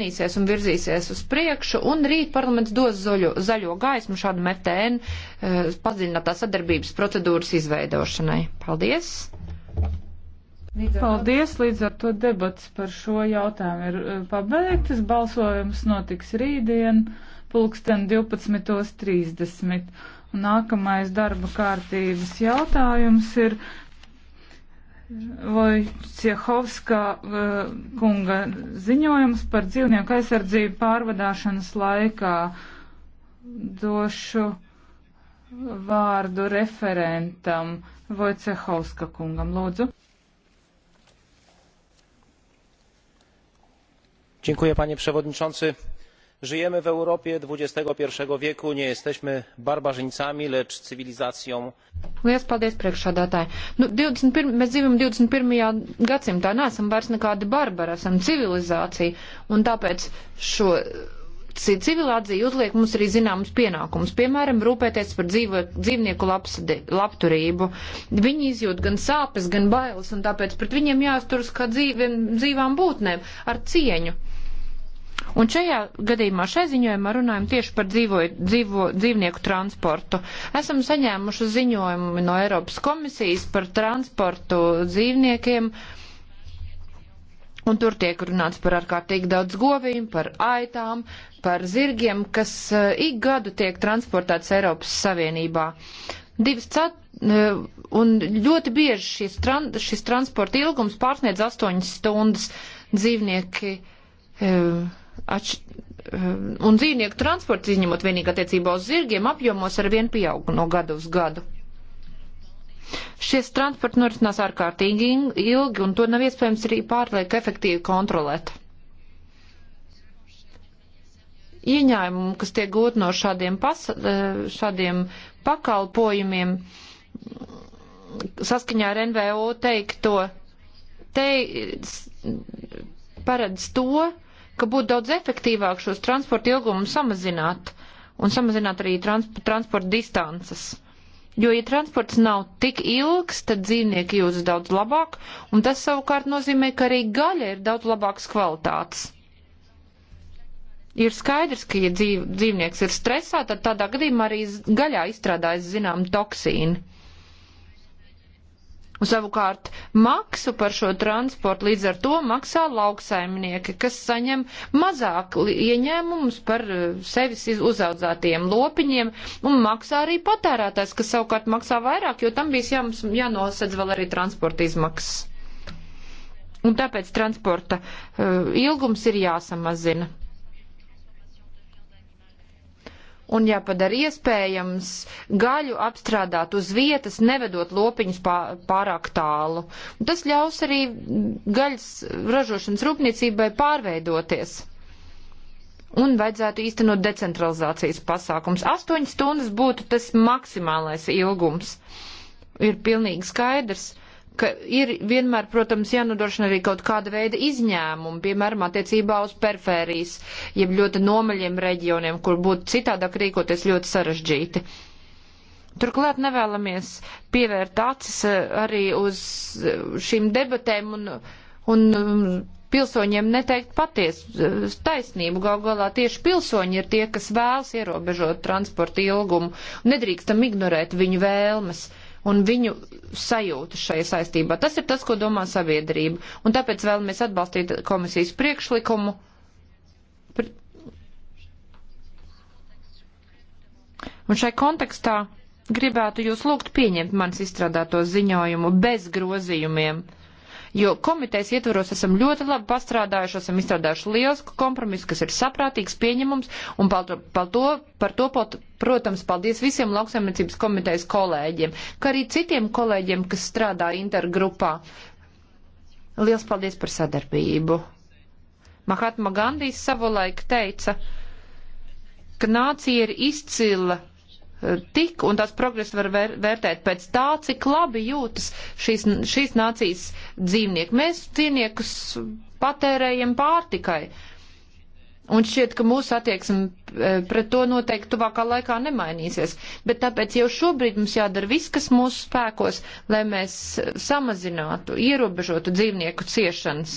mainīsies un virzīsies uz priekšu, un rīt parlaments dos zaļo, zaļo gaismu šādu MTN uh, eh, padziļinātā sadarbības procedūras izveidošanai. Paldies! Līdz Paldies! Līdz ar to debats par šo jautājumu ir eh, pabeigtas. Balsojums notiks rītdien, pulksten 12.30. Nākamais darba kārtības jautājums ir. Vojciehovska eh, kunga ziņojums par dzīvnieku aizsardzību pārvadāšanas laikā. Došu vārdu referentam Vojciehovska kungam, lūdzu. Dziękuję, panie przewodniczący żyjemy w europie xxi wieku nie jesteśmy barbarzyńcami lecz cywilizacją Lielas paldies priekšādātāji. Nu, 21, mēs dzīvojam 21. gadsimtā, neesam vairs nekādi barbari, esam civilizācija, un tāpēc šo civilizācija uzliek mums arī zināmas pienākumus, piemēram, rūpēties par dzīvo, dzīvnieku labsadi, labturību. Viņi izjūt gan sāpes, gan bailes, un tāpēc pret viņiem jāsturas kā dzīviem, dzīvām būtnēm ar cieņu. Un šajā gadījumā, šai ziņojumā runājam tieši par dzīvoju, dzīvo, dzīvnieku transportu. Esam saņēmuši ziņojumu no Eiropas komisijas par transportu dzīvniekiem. Un tur tiek runāts par ārkārtīgi daudz govīm, par aitām, par zirgiem, kas eh, ik gadu tiek transportēts Eiropas Savienībā. Divas cet... Eh, un ļoti bieži šis, tran... šis transporta ilgums pārsniedz astoņas stundas dzīvnieki. Uh, Atš eh, un dzīvnieku transports, izņemot vienīgi attiecībā uz zirgiem, apjomos ar vien pieaug no gada uz gadu. Šies transports norisinās ārkārtīgi ilgi, un to nav iespējams arī pārliek efektīvi kontrolēt. Ieņēmumu, kas tiek gūt no šādiem, pas, eh, šādiem pakalpojumiem, saskaņā ar NVO teikto, te paredz to, ka būtu daudz efektīvāk šos transporta ilgumus samazināt un samazināt arī trans transporta distances. Jo, ja transports nav tik ilgs, tad dzīvnieki jūtas daudz labāk, un tas savukārt nozīmē, ka arī gaļa ir daudz labākas kvalitātes. Ir skaidrs, ka, ja dzīv, dzīvnieks ir stresā, tad tādā gadījumā arī gaļā izstrādājas zinām toksīni. Un savukārt maksu par šo transportu līdz ar to maksā lauksaimnieki, kas saņem mazāk ieņēmumus par eh, sevis uzaudzētajiem lopiņiem, un maksā arī patērētājs, kas savukārt maksā vairāk, jo tam bijis jā, jānosedz vēl arī transporta izmaksas. Un tāpēc transporta uh, ilgums ir jāsamazina un jāpadara iespējams gaļu apstrādāt uz vietas, nevedot lopiņus pārāk tālu. Un tas ļaus arī gaļas ražošanas rūpniecībai pārveidoties. Un vajadzētu īstenot decentralizācijas pasākums. Astoņas stundas būtu tas maksimālais ilgums. Ir pilnīgi skaidrs ka ir vienmēr, protams, jānodrošina arī kaut kāda veida izņēmumi, piemēram, attiecībā uz perifērijas, jeb ļoti nomaļiem reģioniem, kur būtu citādāk rīkoties ļoti sarežģīti. Turklāt nevēlamies pievērt acis eh, arī uz eh, šīm debatēm un, un mm, pilsoņiem neteikt patiesu eh, taisnību. Gal galā tieši pilsoņi ir tie, kas vēlas ierobežot transporta ilgumu. Nedrīkstam ignorēt viņu vēlmes. Uh, un viņu sajūtu šai saistībā. Tas ir tas, ko domā sabiedrība. Un tāpēc vēlamies atbalstīt komisijas priekšlikumu. Un šai kontekstā gribētu jūs lūgt pieņemt manis izstrādāto ziņojumu bez grozījumiem jo komitejas ietvaros esam ļoti labi pastrādājuši, esam izstrādājuši liels kompromiss, kas ir saprātīgs, pieņemums, un par to, par to pat Protams, paldies visiem lauksaimniecības komitejas kolēģiem, kā arī citiem kolēģiem, kas strādā intergrupā. Liels paldies par sadarbību. Mahatma Gandijs savulaik teica, ka nācija ir izcila eh, tik, un tās progresu var vērtēt pēc tā, cik labi jūtas šīs, šīs nācijas dzīvnieki. Mēs dzīvniekus patērējam pārtikai. Un šķiet, ka mūsu attieksme Eh, pret to noteikti tuvākā laikā nemainīsies. Bet tāpēc jau šobrīd mums jādara viss, kas mūsu spēkos, lai mēs samazinātu, ierobežotu dzīvnieku ciešanas.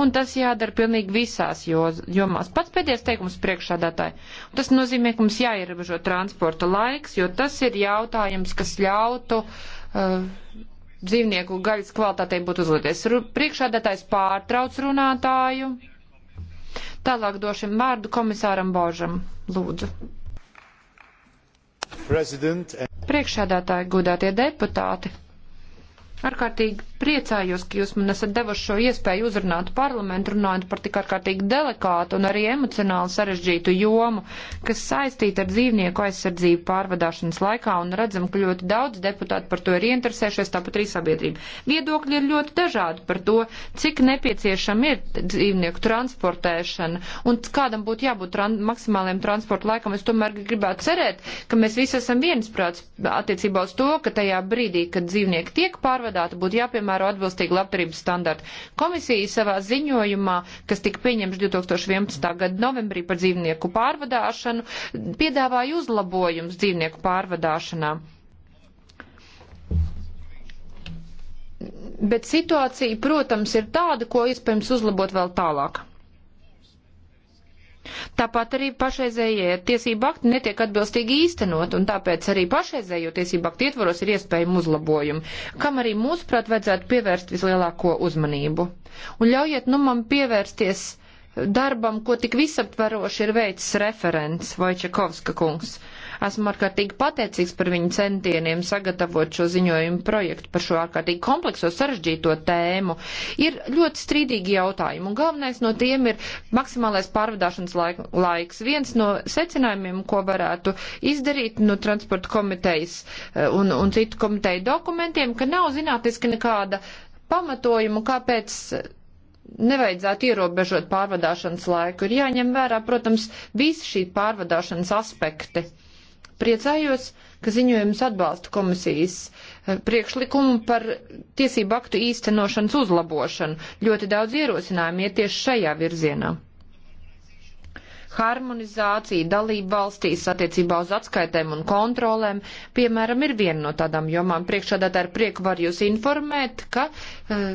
Un tas jādara pilnīgi visās jomās. Pats pēdējais teikums priekšādātāji. Tas nozīmē, ka mums jāierobežo transporta laiks, jo tas ir jautājums, kas ļautu uh, dzīvnieku gaļas kvalitātei būtu uzlaboties. Priekšādātājs pārtrauc runātāju. Tālāk došam vārdu komisāram Božam. Lūdzu. President... Priekšādātāji, godātie deputāti. Ārkārtīgi Priecājos, ka jūs man esat devuši šo iespēju uzrunāt parlamentu, runājot par tik ārkārtīgi delikātu un arī emocionāli sarežģītu jomu, kas saistīta ar dzīvnieku aizsardzību pārvadāšanas laikā, un redzam, ka ļoti daudz deputāti par to ir ieinteresējušies, tāpat arī sabiedrība. Viedokļi ir ļoti dažādi par to, cik nepieciešama ir dzīvnieku transportēšana un kādam būtu jābūt tran maksimāliem transporta laikam. Es tomēr gribētu cerēt, ka mēs visi esam viensprāts attiecībā uz to, ka tajā brīdī, kad dzīvnieki tiek pārvadāti, būtu jāpiemēr jāpiemēro atbilstīgi labdarības standarti. Komisija savā ziņojumā, kas tika pieņemts 2011. gada novembrī par dzīvnieku pārvadāšanu, piedāvāja uzlabojums dzīvnieku pārvadāšanā. Bet situācija, protams, ir tāda, ko iespējams uzlabot vēl tālāk. Tāpat arī pašreizējie tiesību akti netiek atbilstīgi īstenot, un tāpēc arī pašreizējo tiesību aktu ietvaros ir iespējami uzlabojumi, kam arī mūsuprāt vajadzētu pievērst vislielāko uzmanību. Un ļaujiet nu man pievērsties darbam, ko tik visaptvaroši ir veicis referents Vojčakovska kungs. Uh, Esmu ārkārtīgi pateicīgs par viņu centieniem sagatavot šo ziņojumu projektu par šo ārkārtīgi komplekso sarežģīto tēmu. Ir ļoti strīdīgi jautājumi, un galvenais no tiem ir maksimālais pārvadāšanas laik, laiks. Viens no secinājumiem, ko varētu izdarīt no nu, transporta komitejas eh, un, un citu komiteju dokumentiem, ka nav zinātniski nekāda pamatojumu, kāpēc nevajadzētu ierobežot pārvadāšanas laiku. Ir jāņem vērā, protams, visi šī pārvadāšanas aspekti. Priecājos, ka ziņojums atbalsta komisijas eh, priekšlikumu par tiesību aktu īstenošanas uzlabošanu. Ļoti daudz ierosinājumu iet tieši šajā virzienā. Harmonizācija dalība valstīs attiecībā uz atskaitēm un kontrolēm, piemēram, ir viena no tādām jomām. Priekšādā tā ar prieku var jūs informēt, ka uh,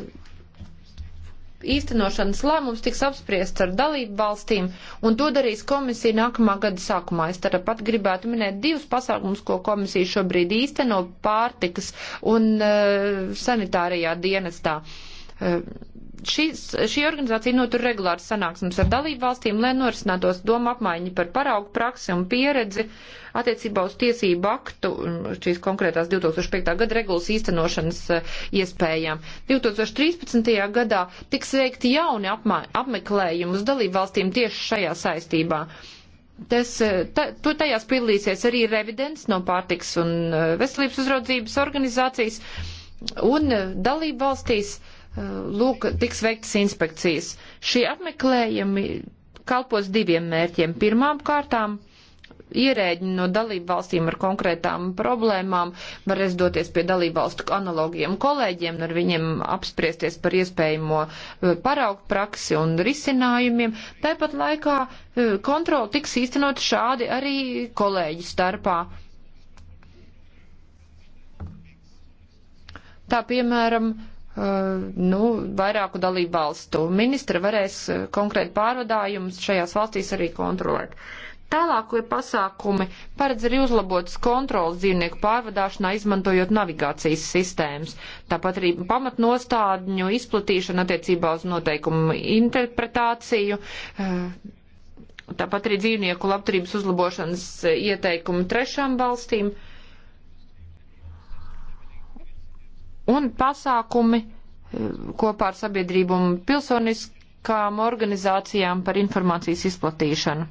īstenošanas lēmums tiks apspriests ar dalību valstīm, un to darīs komisija nākamā gada sākumā. Es tāpat gribētu minēt divus pasākumus, ko komisija šobrīd īsteno pārtikas un uh, eh, sanitārijā dienestā. Uh, šis, šī organizācija notur regulāri sanāksmes ar dalību valstīm, lai norisinātos doma apmaiņa par paraugu praksi un pieredzi attiecībā uz tiesību aktu šīs konkrētās 2005. gada regulas īstenošanas eh, iespējām. 2013. gadā tiks veikti jauni apmeklējumi uz dalību valstīm tieši šajā saistībā. Tas, eh, ta, to tajās piedalīsies arī revidents no pārtiks un eh, veselības uzraudzības organizācijas un dalību valstīs uh, lūk, tiks veiktas inspekcijas. Šie apmeklējumi kalpos diviem mērķiem. Pirmām kārtām ierēģi no dalību valstīm ar konkrētām problēmām varēs doties pie dalību valstu analogiem kolēģiem, ar viņiem apspriesties par iespējamo eh, paraugu praksi un risinājumiem. Tāpat laikā eh, kontroli tiks īstenot šādi arī kolēģi starpā. Tā piemēram, Uh, nu, vairāku dalību valstu. Ministra varēs uh, konkrēti pārvadājumus šajās valstīs arī kontrolēt. Tālākie pasākumi paredz arī uzlabotas kontrolas dzīvnieku pārvadāšanā, izmantojot navigācijas sistēmas. Tāpat arī pamatnostādņu izplatīšana attiecībā uz noteikumu interpretāciju. Uh, tāpat arī dzīvnieku labturības uzlabošanas ieteikumu trešām valstīm. Uh, un pasākumi eh, kopā ar sabiedrību un pilsoniskām organizācijām par informācijas izplatīšanu.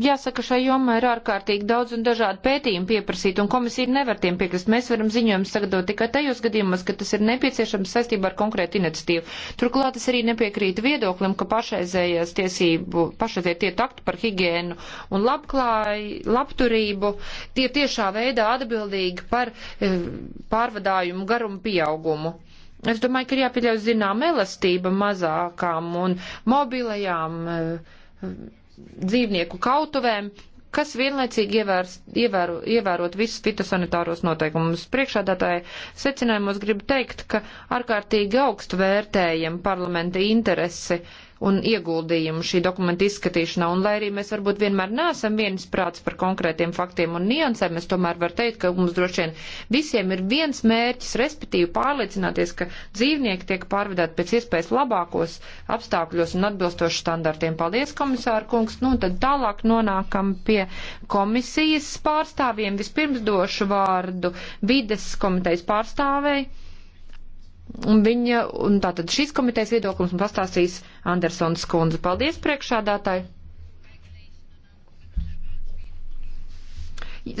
Jāsaka, šai jomā ir ārkārtīgi daudz un dažādi pētījumi pieprasīt, un komisija nevar tiem piekrist. Mēs varam ziņojumus sagatavot tikai tajos gadījumos, kad tas ir nepieciešams saistībā ar konkrētu iniciatīvu. Turklāt es arī nepiekrītu viedoklim, ka pašreizējās tiesību, pašreizie tie takti par higienu un labklāju, labturību, tie tiešā veidā atbildīgi par e, pārvadājumu garumu pieaugumu. Es domāju, ka ir jāpieļauj zinām elastība mazākām un mobilajām. E, dzīvnieku kautuvēm, kas vienlaicīgi ievērs, ievēro, ievērot visus fitosanitāros noteikumus. Priekšādātāji secinājumos gribu teikt, ka ārkārtīgi augstu vērtējam parlamenta interesi uh, un ieguldījumu šī dokumenta izskatīšanā, un lai arī mēs varbūt vienmēr nesam viensprāts par konkrētiem faktiem un niansēm, es tomēr varu teikt, ka mums droši vien visiem ir viens mērķis, respektīvi pārliecināties, ka dzīvnieki tiek pārvedāti pēc iespējas labākos apstākļos un atbilstoši standartiem. Paldies, komisāra kungs, nu tad tālāk nonākam pie komisijas pārstāvjiem. Vispirms došu vārdu vides komitejas pārstāvēji. Un viņa, un tātad šīs komitejas viedoklis mums pastāstīs Andersons kundze. Paldies priekšādātāji!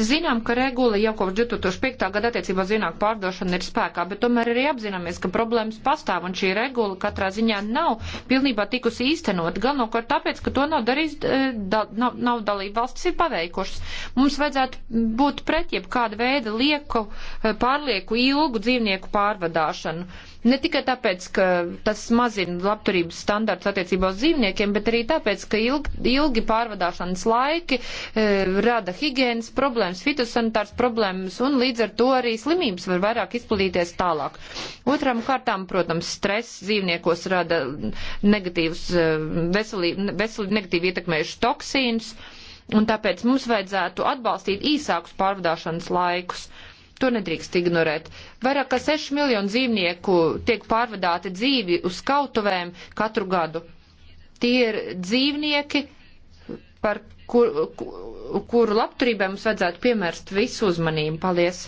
Zinām, ka regula jau kopš 2005. gada attiecībā zināk pārdošana ir spēkā, bet tomēr arī apzināmies, ka problēmas pastāv un šī regula katrā ziņā nav pilnībā tikusi īstenot. Galvenokārt tāpēc, ka to nav darījis, eh, da, nav, nav dalība valstis ir paveikušas. Mums vajadzētu būt pret jebkāda veida lieku, eh, pārlieku ilgu dzīvnieku pārvadāšanu Ne tikai tāpēc, ka tas mazina labturības standarts attiecībā uz dzīvniekiem, bet arī tāpēc, ka ilg, ilgi pārvadāšanas laiki e, rada higienas problēmas, fitosanitārs problēmas un līdz ar to arī slimības var vairāk izplatīties tālāk. Otram kārtām, protams, stress dzīvniekos rada negatīvus veselību, veselību negatīvi ietekmējušus toksīnus un tāpēc mums vajadzētu atbalstīt īsākus pārvadāšanas laikus. Uh, To nedrīkst ignorēt. Vairāk kā 6 miljonu dzīvnieku tiek pārvadāti dzīvi uz kautuvēm katru gadu. Tie ir dzīvnieki, par kuru kur, kur labturībai mums vajadzētu piemērst visu uzmanību. Paldies!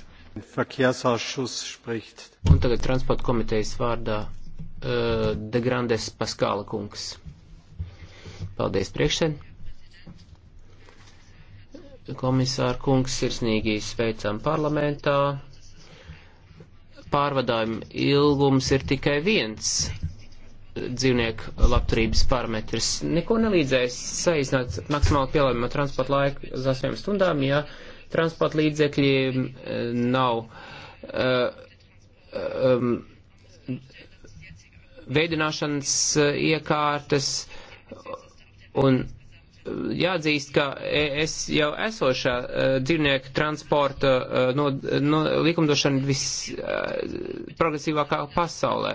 Un tagad transporta komitejas vārdā uh, De Grandes Paskāla kungs. Paldies priekšsēdētājiem! komisāra kungs sirsnīgi sveicam parlamentā. Pārvadājuma ilgums ir tikai viens dzīvnieku labturības parametrs. Neko nelīdzēs saīsināt maksimāli pielāgojumu transporta laiku uz 8 stundām, ja transporta līdzekļi eh, nav uh, um, veidināšanas iekārtas un jāatzīst, ka es jau esošā uh, dzīvnieku transporta uh, no, no likumdošana visprogresīvākā eh, uh, pasaulē.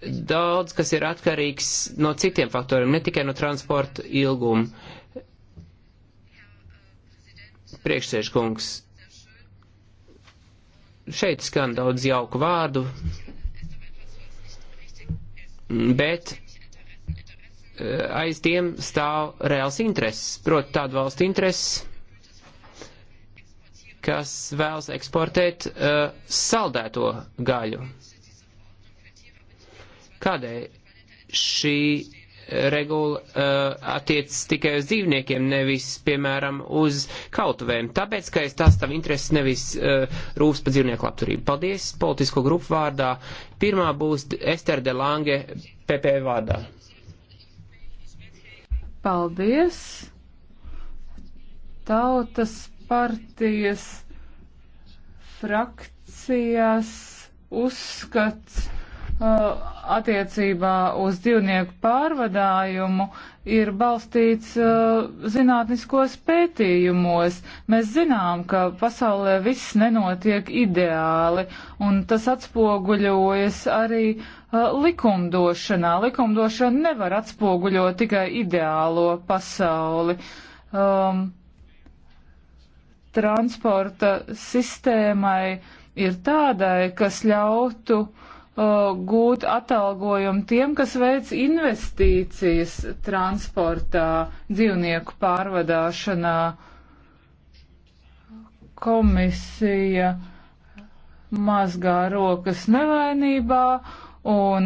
Daudz, kas ir atkarīgs no citiem faktoriem, ne tikai no transporta ilguma. Priekšsēžkungs. Šeit skan daudz jauku vārdu, bet Eh, aiz tiem stāv reāls intereses, proti tādu valstu intereses, kas vēlas eksportēt uh, saldēto gaļu. Kādēļ šī regula uh, attiec tikai uz dzīvniekiem, nevis, piemēram, uz kautuvēm? Tāpēc, ka es tās tavu intereses nevis uh, rūps par dzīvnieku labturību. Paldies politisko grupu vārdā. Pirmā būs Ester de Lange PP vārdā. Paldies! Tautas partijas frakcijas uzskats uh, attiecībā uz dzīvnieku pārvadājumu ir balstīts uh, zinātniskos pētījumos. Mēs zinām, ka pasaulē viss nenotiek ideāli, un tas atspoguļojas arī uh, Eh, likumdošanā. Likumdošana nevar atspoguļot tikai ideālo pasauli. Um, transporta sistēmai ir tādai, kas ļautu uh, gūt atalgojumu tiem, kas veic investīcijas transportā, dzīvnieku pārvadāšanā. Komisija mazgā rokas nevainībā un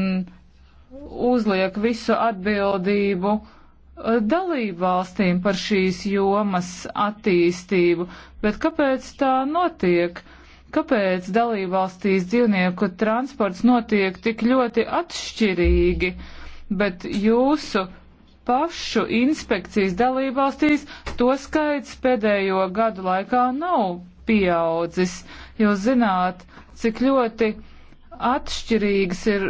uzliek visu atbildību eh, dalību valstīm par šīs jomas attīstību, bet kāpēc tā notiek? Kāpēc dalību valstīs dzīvnieku transports notiek tik ļoti atšķirīgi, bet jūsu pašu inspekcijas dalību valstīs to skaits pēdējo gadu laikā nav pieaudzis? Jūs zināt, cik ļoti atšķirīgas ir,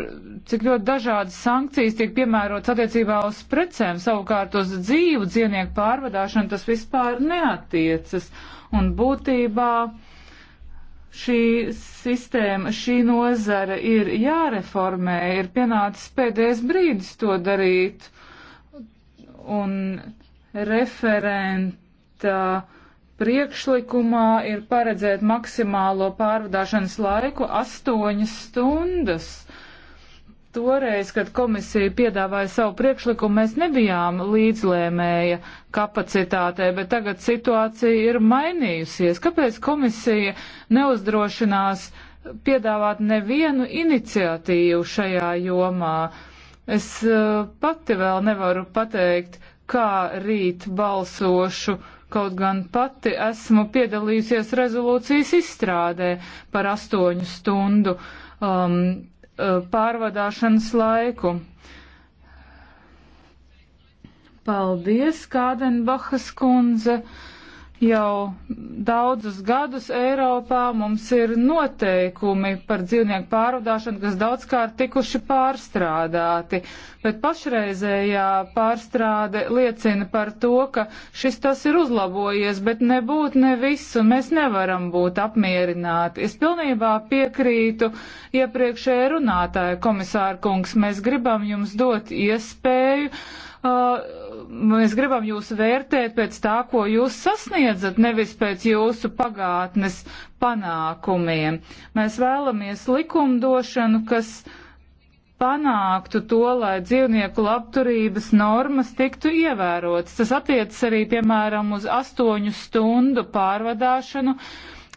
cik ļoti dažādas sankcijas tiek piemērotas attiecībā uz precēm, savukārt uz dzīvu dzīvnieku pārvadāšanu tas vispār neatiecas. Un būtībā šī sistēma, šī nozara ir jāreformē, ir pienācis pēdējais brīdis to darīt. Un referenta. Uh, priekšlikumā ir paredzēt maksimālo pārvadāšanas laiku astoņas stundas. Toreiz, kad komisija piedāvāja savu priekšlikumu, mēs nebijām līdzlēmēja kapacitātei, bet tagad situācija ir mainījusies. Kāpēc komisija neuzdrošinās piedāvāt nevienu iniciatīvu šajā jomā? Es eh, pati vēl nevaru pateikt, kā rīt balsošu. Uh, Kaut gan pati esmu piedalījusies rezolūcijas izstrādē par astoņu stundu um, uh, pārvadāšanas laiku. Paldies, Kādenbachas kundze! Jau daudzus gadus Eiropā mums ir noteikumi par dzīvnieku pārvadāšanu, kas daudzkārt tikuši pārstrādāti, bet pašreizējā pārstrāde liecina par to, ka šis tas ir uzlabojies, bet nebūt ne visu mēs nevaram būt apmierināti. Es pilnībā piekrītu iepriekšējai runātāja komisāra kungs, mēs gribam jums dot iespēju Uh, mēs gribam jūs vērtēt pēc tā, ko jūs sasniedzat, nevis pēc jūsu pagātnes panākumiem. Mēs vēlamies likumdošanu, kas panāktu to, lai dzīvnieku labturības normas tiktu ievērotas. Tas attiecas arī, piemēram, uz astoņu stundu pārvadāšanu,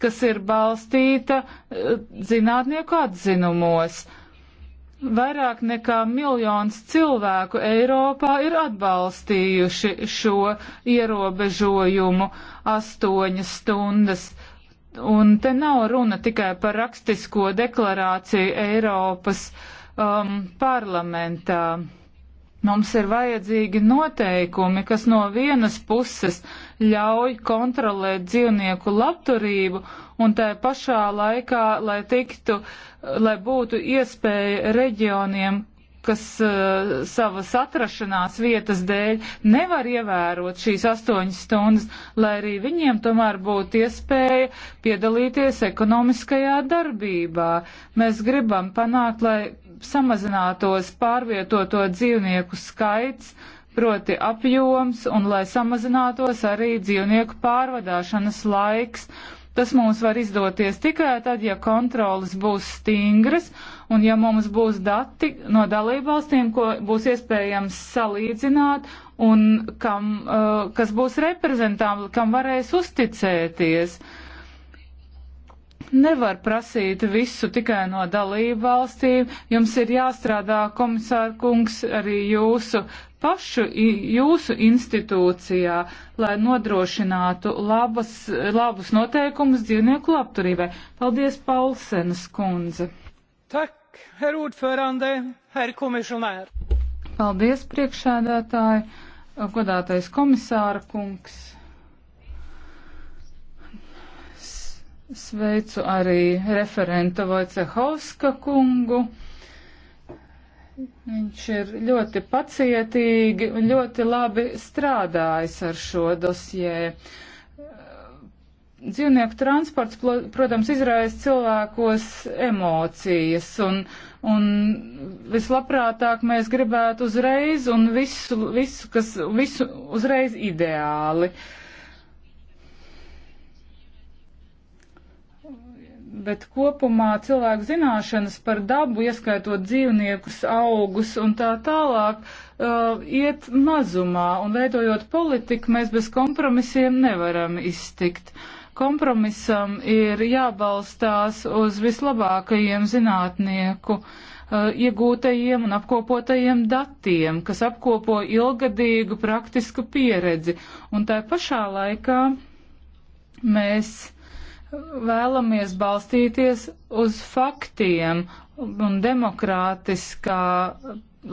kas ir balstīta uh, zinātnieku atzinumos. Vairāk nekā miljons cilvēku Eiropā ir atbalstījuši šo ierobežojumu astoņas stundas. Un te nav runa tikai par rakstisko deklarāciju Eiropas um, parlamentā. Mums ir vajadzīgi noteikumi, kas no vienas puses ļauj kontrolēt dzīvnieku labturību un tā pašā laikā, lai tiktu, lai būtu iespēja reģioniem, kas uh, eh, savas atrašanās vietas dēļ nevar ievērot šīs astoņas stundas, lai arī viņiem tomēr būtu iespēja piedalīties ekonomiskajā darbībā. Mēs gribam panākt, lai samazinātos pārvietoto dzīvnieku skaits, proti apjoms, un lai samazinātos arī dzīvnieku pārvadāšanas laiks. Uh, Tas mums var izdoties tikai tad, ja kontrolas būs stingras un ja mums būs dati no dalībvalstīm, ko būs iespējams salīdzināt un kam, uh, kas būs reprezentāli, kam varēs uzticēties. Nevar prasīt visu tikai no dalību valstīm. Jums ir jāstrādā, komisār kungs, arī jūsu pašu jūsu institūcijā, lai nodrošinātu labas, labus noteikumus dzīvnieku labturībai. Paldies, Paulsenas kundze. Tak, herr ordförande, herr komisionēr. Paldies, priekšsēdētāji, godātais komisāra kungs. Sveicu arī referenta Vojcehovska kungu. Viņš ir ļoti pacietīgi un ļoti labi strādājis ar šo dosjē. Dzīvnieku transports, protams, izraisa cilvēkos emocijas, un, un vislabprātāk mēs gribētu uzreiz un visu, visu kas, visu uzreiz ideāli. Uh, bet kopumā cilvēku zināšanas par dabu, ieskaitot dzīvniekus, augus un tā tālāk, uh, iet mazumā, un veidojot politiku, mēs bez kompromisiem nevaram iztikt. Kompromisam ir jābalstās uz vislabākajiem zinātnieku uh, iegūtajiem un apkopotajiem datiem, kas apkopo ilgadīgu praktisku pieredzi, un tā pašā laikā mēs vēlamies balstīties uz faktiem un demokrātiskā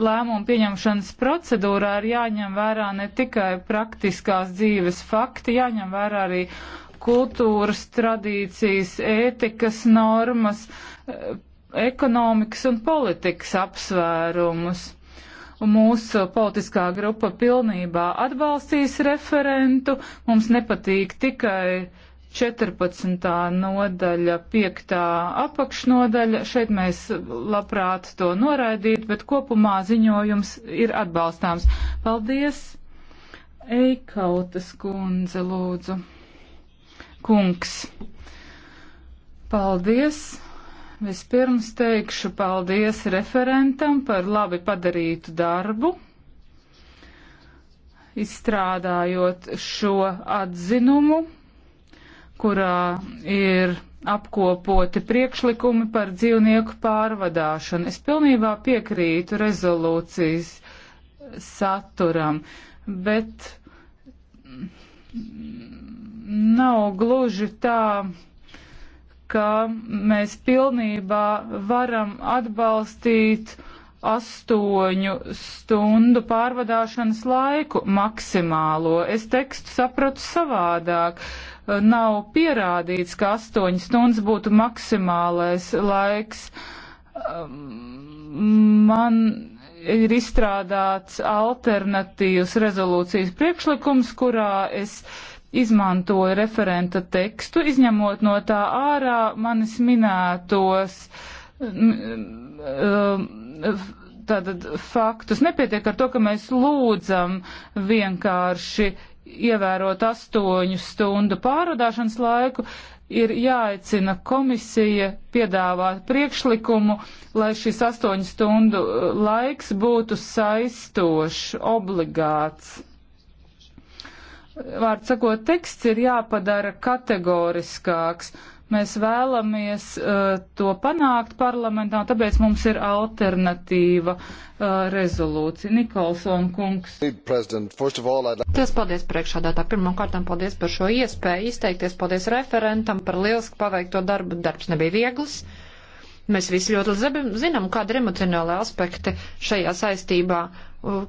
lēmumu pieņemšanas procedūrā ir jāņem vērā ne tikai praktiskās dzīves fakti, jāņem vērā arī kultūras tradīcijas, ētikas normas, ekonomikas un politikas apsvērumus. Un mūsu politiskā grupa pilnībā atbalstīs referentu. Mums nepatīk tikai uh, 14. nodaļa, 5. apakšnodaļa. Šeit mēs labprāt to noraidītu, bet kopumā ziņojums ir atbalstāms. Paldies! Eikautas kundze, lūdzu. Kungs. Paldies! Vispirms teikšu paldies referentam par labi padarītu darbu, izstrādājot šo atzinumu kurā ir apkopoti priekšlikumi par dzīvnieku pārvadāšanu. Es pilnībā piekrītu rezolūcijas saturam, bet nav gluži tā, ka mēs pilnībā varam atbalstīt astoņu stundu pārvadāšanas laiku maksimālo. Es tekstu sapratu savādāk. Uh, nav pierādīts, ka astoņas stundas būtu maksimālais laiks. Um, man ir izstrādāts alternatīvs rezolūcijas priekšlikums, kurā es izmantoju referenta tekstu, izņemot no tā ārā manis minētos tātad faktus. Nepietiek ar to, ka mēs lūdzam vienkārši ievērot astoņu stundu pārvadāšanas laiku, ir jāaicina komisija piedāvāt priekšlikumu, lai šis astoņu stundu uh, laiks būtu saistošs, obligāts. Vārds sakot, teksts ir jāpadara kategoriskāks Mēs vēlamies uh, to panākt parlamentā, tāpēc mums ir alternatīva uh, rezolūcija. Nikolson kungs. Tas paldies priekšādātā. Pirmkārtām paldies par šo iespēju izteikties. Paldies referentam par lieliski paveikto darbu. Darbs nebija viegls. Mēs visi ļoti zabi, zinām, kāda ir emocionāla aspekta šajā saistībā.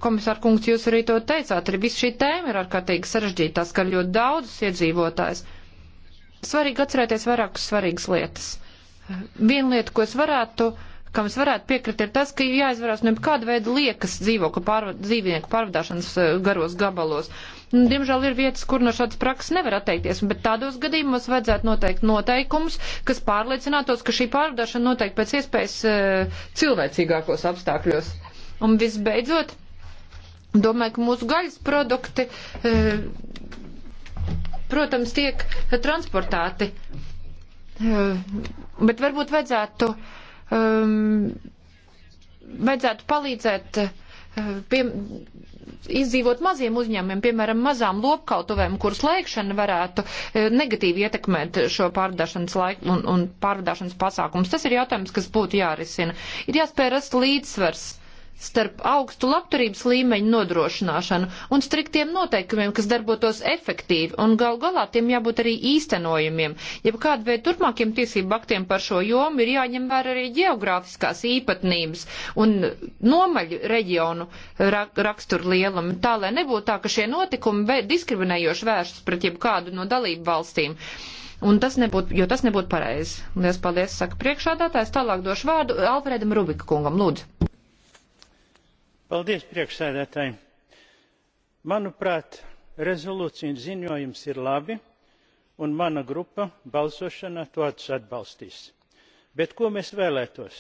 Komisār kungs, jūs arī to teicāt, arī viss šī tēma ir ārkārtīgi sarežģīta, skar ļoti daudzus iedzīvotājus svarīgi atcerēties vairākas svarīgas lietas. Viena lieta, ko es varētu, kam es varētu piekrist, ir tas, ka jāizvarās no kāda veida liekas dzīvokļu pārvad, dzīvnieku pārvadāšanas eh, garos gabalos. Nu, diemžēl ir vietas, kur no šādas prakses nevar atteikties, bet tādos gadījumos vajadzētu noteikt noteikumus, kas pārliecinātos, ka šī pārvadāšana notiek pēc iespējas uh, cilvēcīgākos apstākļos. Un visbeidzot, domāju, ka mūsu gaļas produkti. Uh, protams, tiek transportēti. Eh, bet varbūt vajadzētu, um, vajadzētu palīdzēt eh, pie, izdzīvot maziem uzņēmumiem, piemēram, mazām lopkautuvēm, kuras lēkšana varētu eh, negatīvi ietekmēt šo pārvadāšanas laiku un, un pārvadāšanas pasākumus. Tas ir jautājums, kas būtu jārisina. Ir jāspēj rast līdzsvars starp augstu labturības līmeņu nodrošināšanu un striktiem noteikumiem, kas darbotos efektīvi, un gal galā tiem jābūt arī īstenojumiem. Ja kāda veida turpmākiem tiesību aktiem par šo jomu ir jāņem vērā arī geogrāfiskās īpatnības un nomaļu reģionu ra raksturu lielumu, tā lai nebūtu tā, ka šie notikumi diskriminējoši vēršas pret jebkādu no dalību valstīm. Un tas nebūtu, jo tas nebūtu pareizi. Lielas paldies, saka priekšādātājs. Tālāk došu vārdu Alfredam Rubika kungam. Lūdzu. Paldies, priekšsēdētāji! Manuprāt, rezolūcija un ziņojums ir labi, un mana grupa balsošanā tos atbalstīs. Bet ko mēs vēlētos?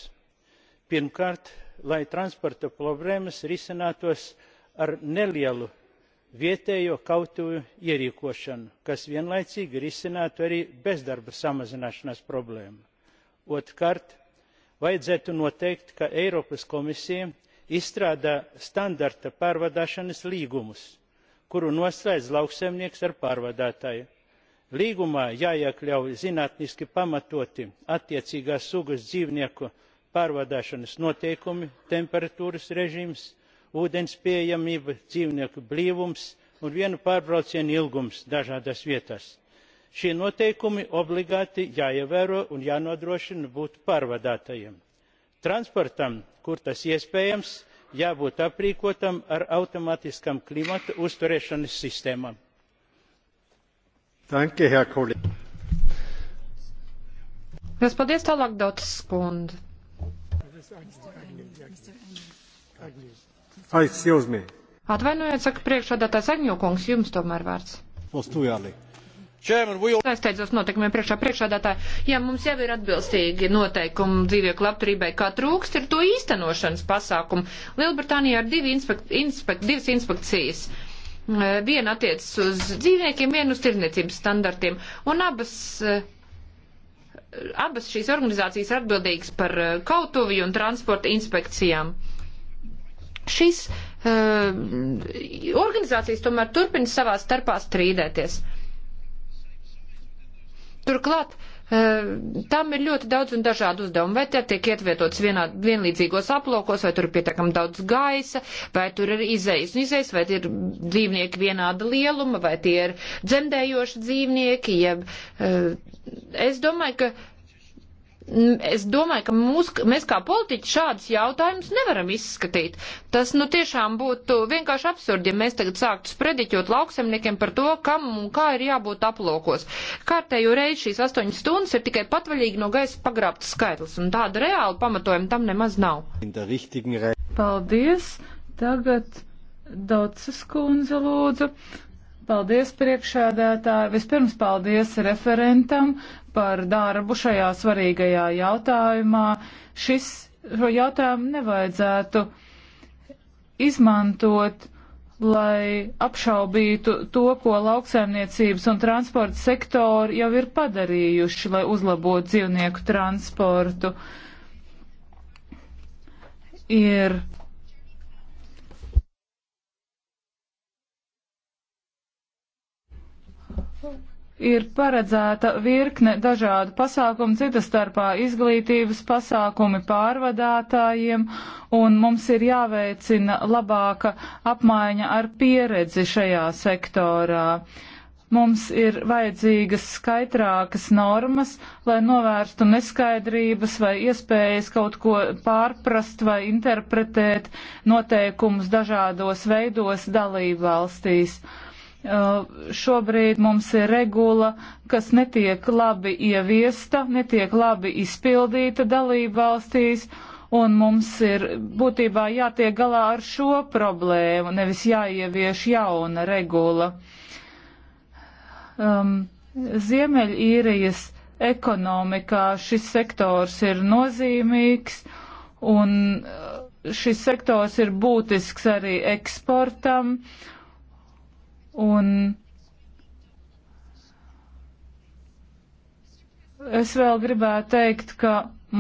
Pirmkārt, lai transporta problēmas risinātos ar nelielu vietējo kautuvu ierīkošanu, kas vienlaicīgi risinātu arī bezdarba samazināšanās problēmu. Otkārt, vajadzētu noteikt, ka Eiropas komisija izstrādā standarta pārvadāšanas līgumus kuru noslēdz lauksaimnieks ar pārvadātāju. līgumā jāiekļauj zinātniski pamatoti attiecīgās sugas dzīvnieku pārvadāšanas noteikumi temperatūras režīms ūdens pieejamība dzīvnieku blīvums un viena pārbrauciena ilgums dažādās vietās. šie noteikumi obligāti jāievēro un jānodrošina būtu pārvadātājiem transportam kur tas iespējams jābūt aprīkotam ar automātiskām klimata uzturēšanas sistēmām. Liels paldies tālāk, Dotas skund. Atvainojiet, saka priekšādātājs Agņokungs, jums tomēr vārds. Postujāli. Aizsteidzos noteikumiem priekšā priekšādātāji. Ja mums jau ir atbilstīgi noteikumi dzīvnieku labturībai, kā trūkst, ir to īstenošanas pasākumu. Lielbritānijā ir divi inspekt, inspekt, divas inspekcijas. Viena attiecas uz dzīvniekiem, viena uz tirniecības standartiem. Un abas, abas šīs organizācijas ir atbildīgas par kautuvju un transporta inspekcijām. Šīs uh, organizācijas tomēr turpina savā starpā strīdēties. Uh, Turklāt eh, tam ir ļoti daudz un dažādu uzdevumu. Vai te tiek ietvietots vienā, vienlīdzīgos aplokos, vai tur ir pietiekami daudz gaisa, vai tur ir izejas un izejas, vai ir dzīvnieki vienāda lieluma, vai tie ir dzemdējoši dzīvnieki. Ja, eh, es domāju, ka Es domāju, ka mūs, mēs kā politiķi šādus jautājumus nevaram izskatīt. Tas nu tiešām būtu vienkārši absurdi, ja mēs tagad sāktu sprediķot lauksemniekiem par to, kam un kā ir jābūt aplokos. Kārtējo reizi šīs astoņas stundas ir tikai patvaļīgi no gaisa pagrābtas skaitlis, un tāda reāla pamatojuma tam nemaz nav. Paldies! Tagad Daudzes kundze lūdzu. Paldies priekšādātāji. Vispirms paldies referentam par darbu šajā svarīgajā jautājumā. Šis, šo jautājumu nevajadzētu izmantot, lai apšaubītu to, ko lauksaimniecības un transporta sektori jau ir padarījuši, lai uzlabotu dzīvnieku transportu. Ir ir paredzēta virkne dažādu pasākumu, cita starpā izglītības pasākumi pārvadātājiem, un mums ir jāveicina labāka apmaiņa ar pieredzi šajā sektorā. Mums ir vajadzīgas skaidrākas normas, lai novērstu neskaidrības vai iespējas kaut ko pārprast vai interpretēt noteikumus dažādos veidos dalībvalstīs. valstīs Uh, šobrīd mums ir regula, kas netiek labi ieviesta, netiek labi izpildīta dalību valstīs, un mums ir būtībā jātiek galā ar šo problēmu, nevis jāievieš jauna regula. Um, Ziemeļīrijas ekonomikā šis sektors ir nozīmīgs, un uh, šis sektors ir būtisks arī eksportam. Uh, Un es vēl gribētu teikt, ka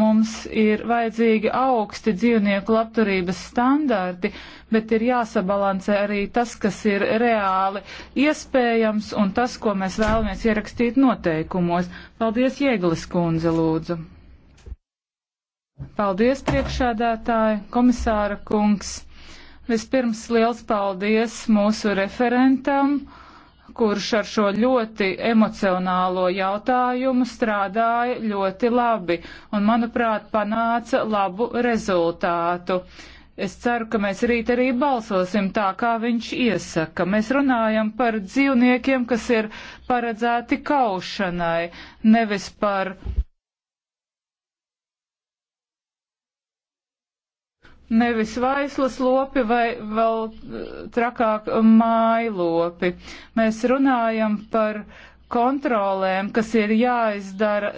mums ir vajadzīgi augsti dzīvnieku labturības standarti, bet ir jāsabalansē arī tas, kas ir reāli iespējams un tas, ko mēs vēlamies ierakstīt noteikumos. Paldies, Jēglis kundze, lūdzu. Paldies, priekšādātāji, komisāra kungs. Vispirms liels paldies mūsu referentam, kurš ar šo ļoti emocionālo jautājumu strādāja ļoti labi un, manuprāt, panāca labu rezultātu. Es ceru, ka mēs rīt arī balsosim tā, kā viņš iesaka. Mēs runājam par dzīvniekiem, kas ir paredzēti kaušanai, nevis par nevis vaislas lopi vai vēl eh, trakāk mājlopi. Mēs runājam par kontrolēm, kas ir jāizdara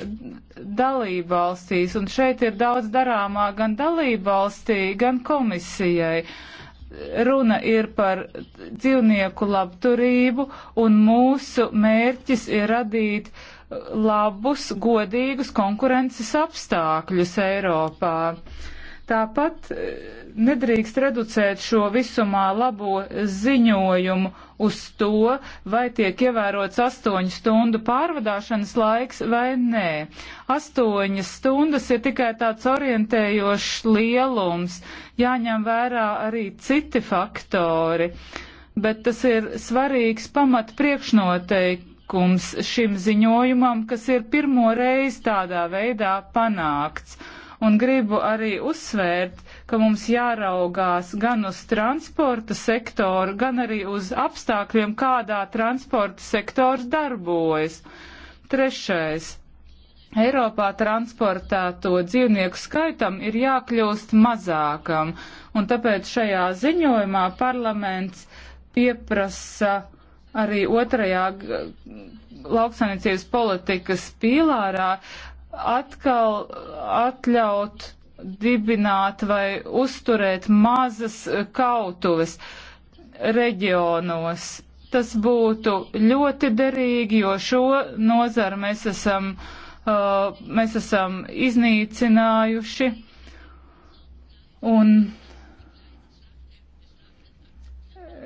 dalībvalstīs, un šeit ir daudz darāmā gan dalībvalstī, gan komisijai. Runa ir par dzīvnieku labturību, un mūsu mērķis ir radīt labus, godīgus konkurences apstākļus Eiropā. Uh, Tāpat e, nedrīkst reducēt šo visumā labo ziņojumu uz to, vai tiek ievērots astoņu stundu pārvadāšanas laiks vai nē. Astoņas stundas ir tikai tāds orientējošs lielums, jāņem vērā arī citi faktori, bet tas ir svarīgs pamat priekšnoteikums likums šim ziņojumam, kas ir pirmo reizi tādā veidā panākts un gribu arī uzsvērt, ka mums jāraugās gan uz transporta sektoru, gan arī uz apstākļiem, kādā transporta sektors darbojas. Trešais. Eiropā transportēto dzīvnieku skaitam ir jākļūst mazākam, un tāpēc šajā ziņojumā parlaments pieprasa arī otrajā lauksainiecības politikas pīlārā atkal atļaut dibināt vai uzturēt mazas kautuves reģionos. Tas būtu ļoti derīgi, jo šo nozaru mēs esam, uh, mēs esam iznīcinājuši. Un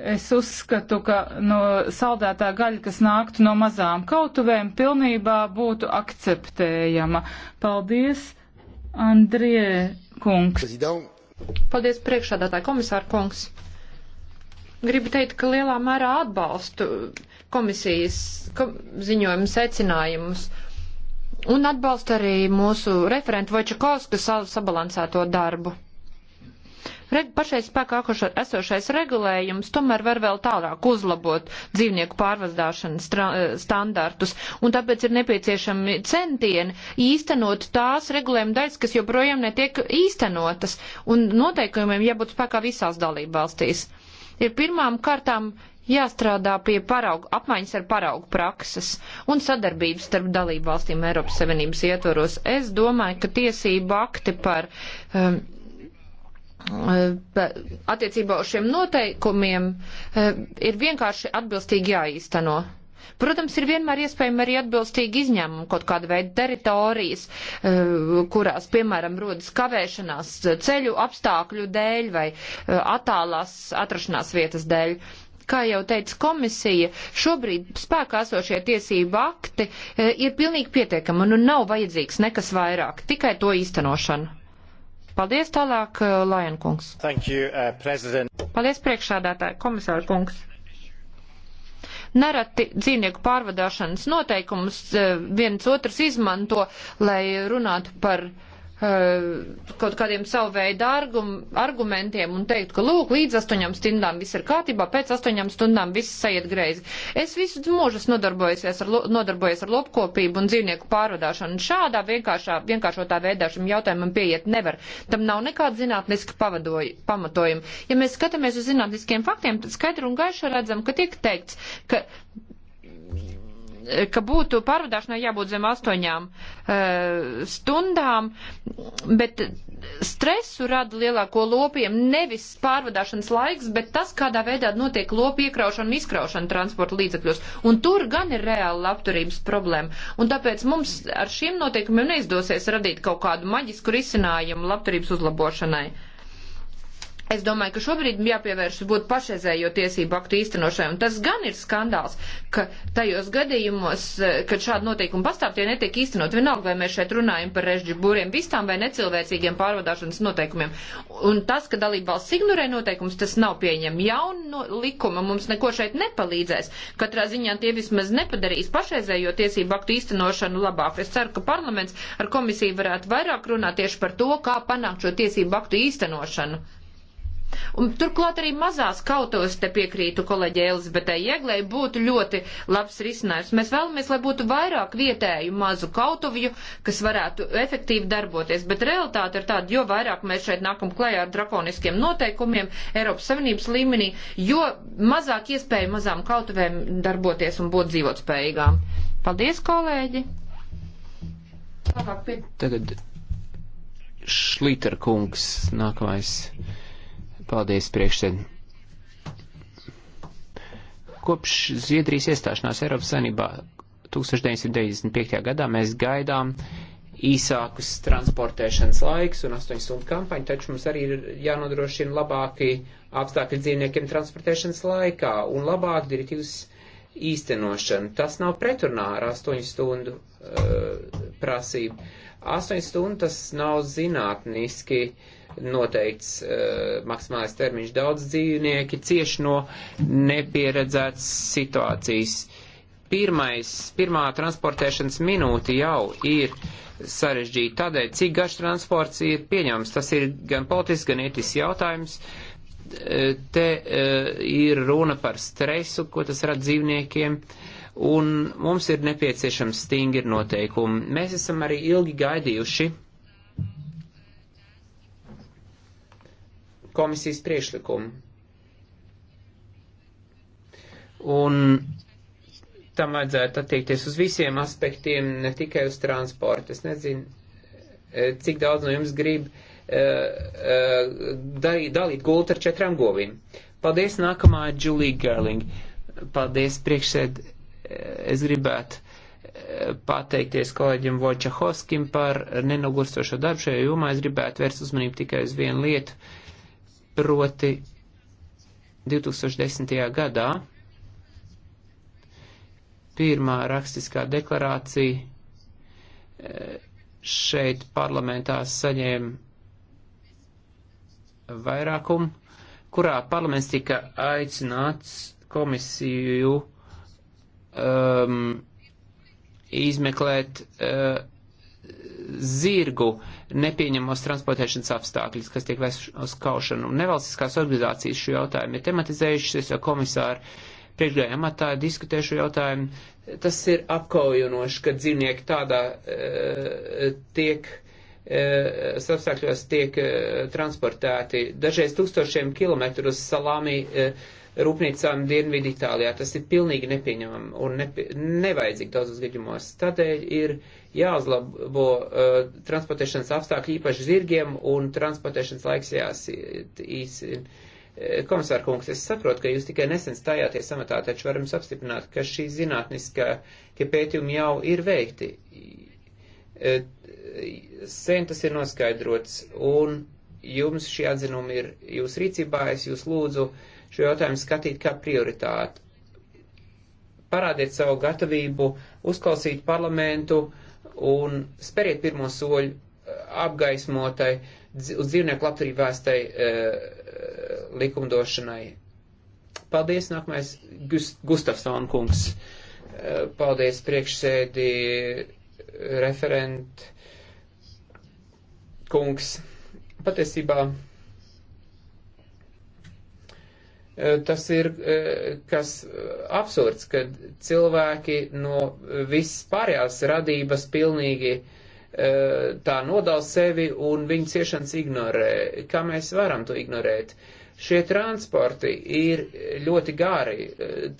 es uzskatu, ka no saldētā gaļa, kas nāktu no mazām kautuvēm, pilnībā būtu akceptējama. Paldies, Andrie kungs. Paldies, priekšādātāja komisāra kungs. Gribu teikt, ka lielā mērā atbalstu komisijas kom ziņojumu secinājumus un atbalstu arī mūsu referentu Vojčakovskas sabalansēto darbu. Reg, pašais spēkā esošais regulējums tomēr var vēl tālāk uzlabot dzīvnieku pārvadāšanas eh, standartus, un tāpēc ir nepieciešami centieni īstenot tās regulējuma daļas, kas joprojām netiek īstenotas, un noteikumiem jābūt spēkā visās dalību valstīs. Ir pirmām kārtām jāstrādā pie paraugu, apmaiņas ar paraugu prakses un sadarbības starp dalību valstīm Eiropas Savienības ietvaros. Es domāju, ka tiesība akti par um, attiecībā uz šiem noteikumiem e, ir vienkārši atbilstīgi jāīsteno. Protams, ir vienmēr iespējami arī atbilstīgi izņēmumi kaut kāda veida teritorijas, e, kurās, piemēram, rodas kavēšanās ceļu apstākļu dēļ vai e, attālās atrašanās vietas dēļ kā jau teica komisija, šobrīd spēkā esošie tiesību akti ir pilnīgi pietiekami un nu nav vajadzīgs nekas vairāk, tikai to īstenošanu. Paldies tālāk, eh, Lajon kungs. Thank you, uh, president. Paldies priekšādātāji, komisāra kungs. Nereti dzīvnieku pārvadāšanas noteikumus eh, viens otrs izmanto, lai runātu par uh, Eh, kaut kādiem savu veidu argum, argumentiem un teikt, ka lūk, līdz astoņām stundām viss ir kārtībā, pēc astoņām stundām viss sajiet greizi. Es visu mūžas nodarbojies ar, nodarbojies ar lopkopību un dzīvnieku pārvadāšanu. Šādā vienkāršā, vienkāršotā veidā šim jautājumam pieiet nevar. Tam nav nekāda zinātniska pamatojuma. Ja mēs skatāmies uz zinātniskiem faktiem, tad skaidri un gaiši redzam, ka tiek teikts, ka ka būtu pārvadāšanai jābūt zem astoņām e, stundām, bet stresu rada lielāko lopiem nevis pārvadāšanas laiks, bet tas, kādā veidā notiek lopu iekraušana un izkraušana transporta līdzekļos. Un tur gan ir reāla labturības problēma. Un tāpēc mums ar šiem noteikumiem neizdosies radīt kaut kādu maģisku risinājumu labturības uzlabošanai. Es domāju, ka šobrīd jāpievēršas būtu pašreizējo tiesību aktu īstenošanai, un tas gan ir skandāls, ka tajos gadījumos, e, kad šāda noteikuma pastāv, tie netiek īstenot. Vienalga, vai mēs šeit runājam par režģi būriem, vistām vai necilvēcīgiem pārvadāšanas noteikumiem. Un tas, ka dalība valsts ignorē noteikums, tas nav pieņem. Jauna no likuma mums neko šeit nepalīdzēs. Katrā ziņā tie vismaz nepadarīs pašreizējo tiesību aktu īstenošanu labāk. Es ceru, ka parlaments ar komisiju varētu vairāk runāt tieši par to, kā panākt šo tiesību aktu īstenošanu. Un turklāt arī mazās kautos, te piekrītu kolēģi Elizabetai Jeglei, būtu ļoti labs risinājums. Mēs vēlamies, lai būtu vairāk vietēju mazu kautuvju, kas varētu efektīvi darboties, bet realitāte ir tāda, jo vairāk mēs šeit nākam klajā ar drakoniskiem noteikumiem Eiropas Savienības līmenī, jo mazāk iespēja mazām kautuvēm darboties un būt dzīvotspējīgām. Paldies, kolēģi! Tagad Šlīterkungs nākamais. Paldies, priekšsēd. Kopš Zviedrijas iestāšanās Eiropas Savienībā 1995. gadā mēs gaidām īsākus transportēšanas laiks un 8 stundu kampaņu, taču mums arī ir jānodrošina labāki apstākļi dzīvniekiem transportēšanas laikā un labāk direktīvas īstenošana. Tas nav pretrunā ar 8 stundu uh, prasību. 8 stundu tas nav zinātniski uh, noteikts uh, maksimālais termiņš. Daudz dzīvnieki cieši no nepieredzētas situācijas. Pirmais, pirmā transportēšanas minūte jau ir sarežģīta. Tādēļ, cik garš transports ir pieņemams, tas ir gan politisks, gan etisks jautājums. Eh, te uh, ir runa par stresu, ko tas rada dzīvniekiem. Uh, un mums ir nepieciešams stingri noteikumi. Mēs esam arī ilgi gaidījuši komisijas priešlikumu. Un tam vajadzētu attiekties uz visiem aspektiem, ne tikai uz transportu. Es nezinu, e, cik daudz no jums grib uh, e, uh, e, darīt, dalīt gultu ar četrām govīm. Paldies, nākamā Julie Gerling. Paldies, priekšsēd. Es gribētu pateikties kolēģim Vojčahovskim par nenogurstošo darbu šajā jomā. Es gribētu vērst uzmanību tikai uz vienu lietu. Uh, Proti 2010. gadā pirmā rakstiskā deklarācija eh, šeit parlamentā saņēma vairākumu, kurā parlaments tika aicināts komisiju um, izmeklēt uh, zirgu uh, nepieņemos transportēšanas apstākļus, kas tiek vēst uz kaušanu. Nevalstiskās organizācijas šo jautājumu ir tematizējušas, es jau komisāru priekšgājā matā diskutēju šo jautājumu. Tas ir apkaujinoši, ka dzīvnieki tādā e, tiek, e, eh, apstākļos tiek e, transportēti dažreiz tūkstošiem kilometru uz salāmī. E, rūpnīcām Dienvidu Itālijā. Tas ir pilnīgi nepieņemam un nepie, nevajadzīgi daudzos gadījumos. Tādēļ ir jāuzlabo uh, transportēšanas apstākļi īpaši zirgiem un transportēšanas laiks jāsīsina. Uh, komisār kungs, es saprotu, ka jūs tikai nesen stājāties amatā, taču varam apstiprināt, ka šī zinātniskā ka pētījumi jau ir veikti. Uh, sen tas ir noskaidrots, un jums šie atzinumi ir jūsu rīcībā, es jūs lūdzu uh, šo jautājumu skatīt kā prioritāti. Parādiet savu gatavību, uzklausīt parlamentu un speriet pirmo soļu eh, apgaismotai, uz dzīvnieku labturību vēstai e, likumdošanai. Paldies, nākamais Gust Gustafsson kungs. E, paldies priekšsēdi referent kungs. Patiesībā Eh, tas ir eh, kas eh, absurds, kad cilvēki no vispārējās radības pilnīgi tā nodal sevi un viņu ciešanas ignorē. Kā mēs varam to ignorēt? Šie transporti ir ļoti gari,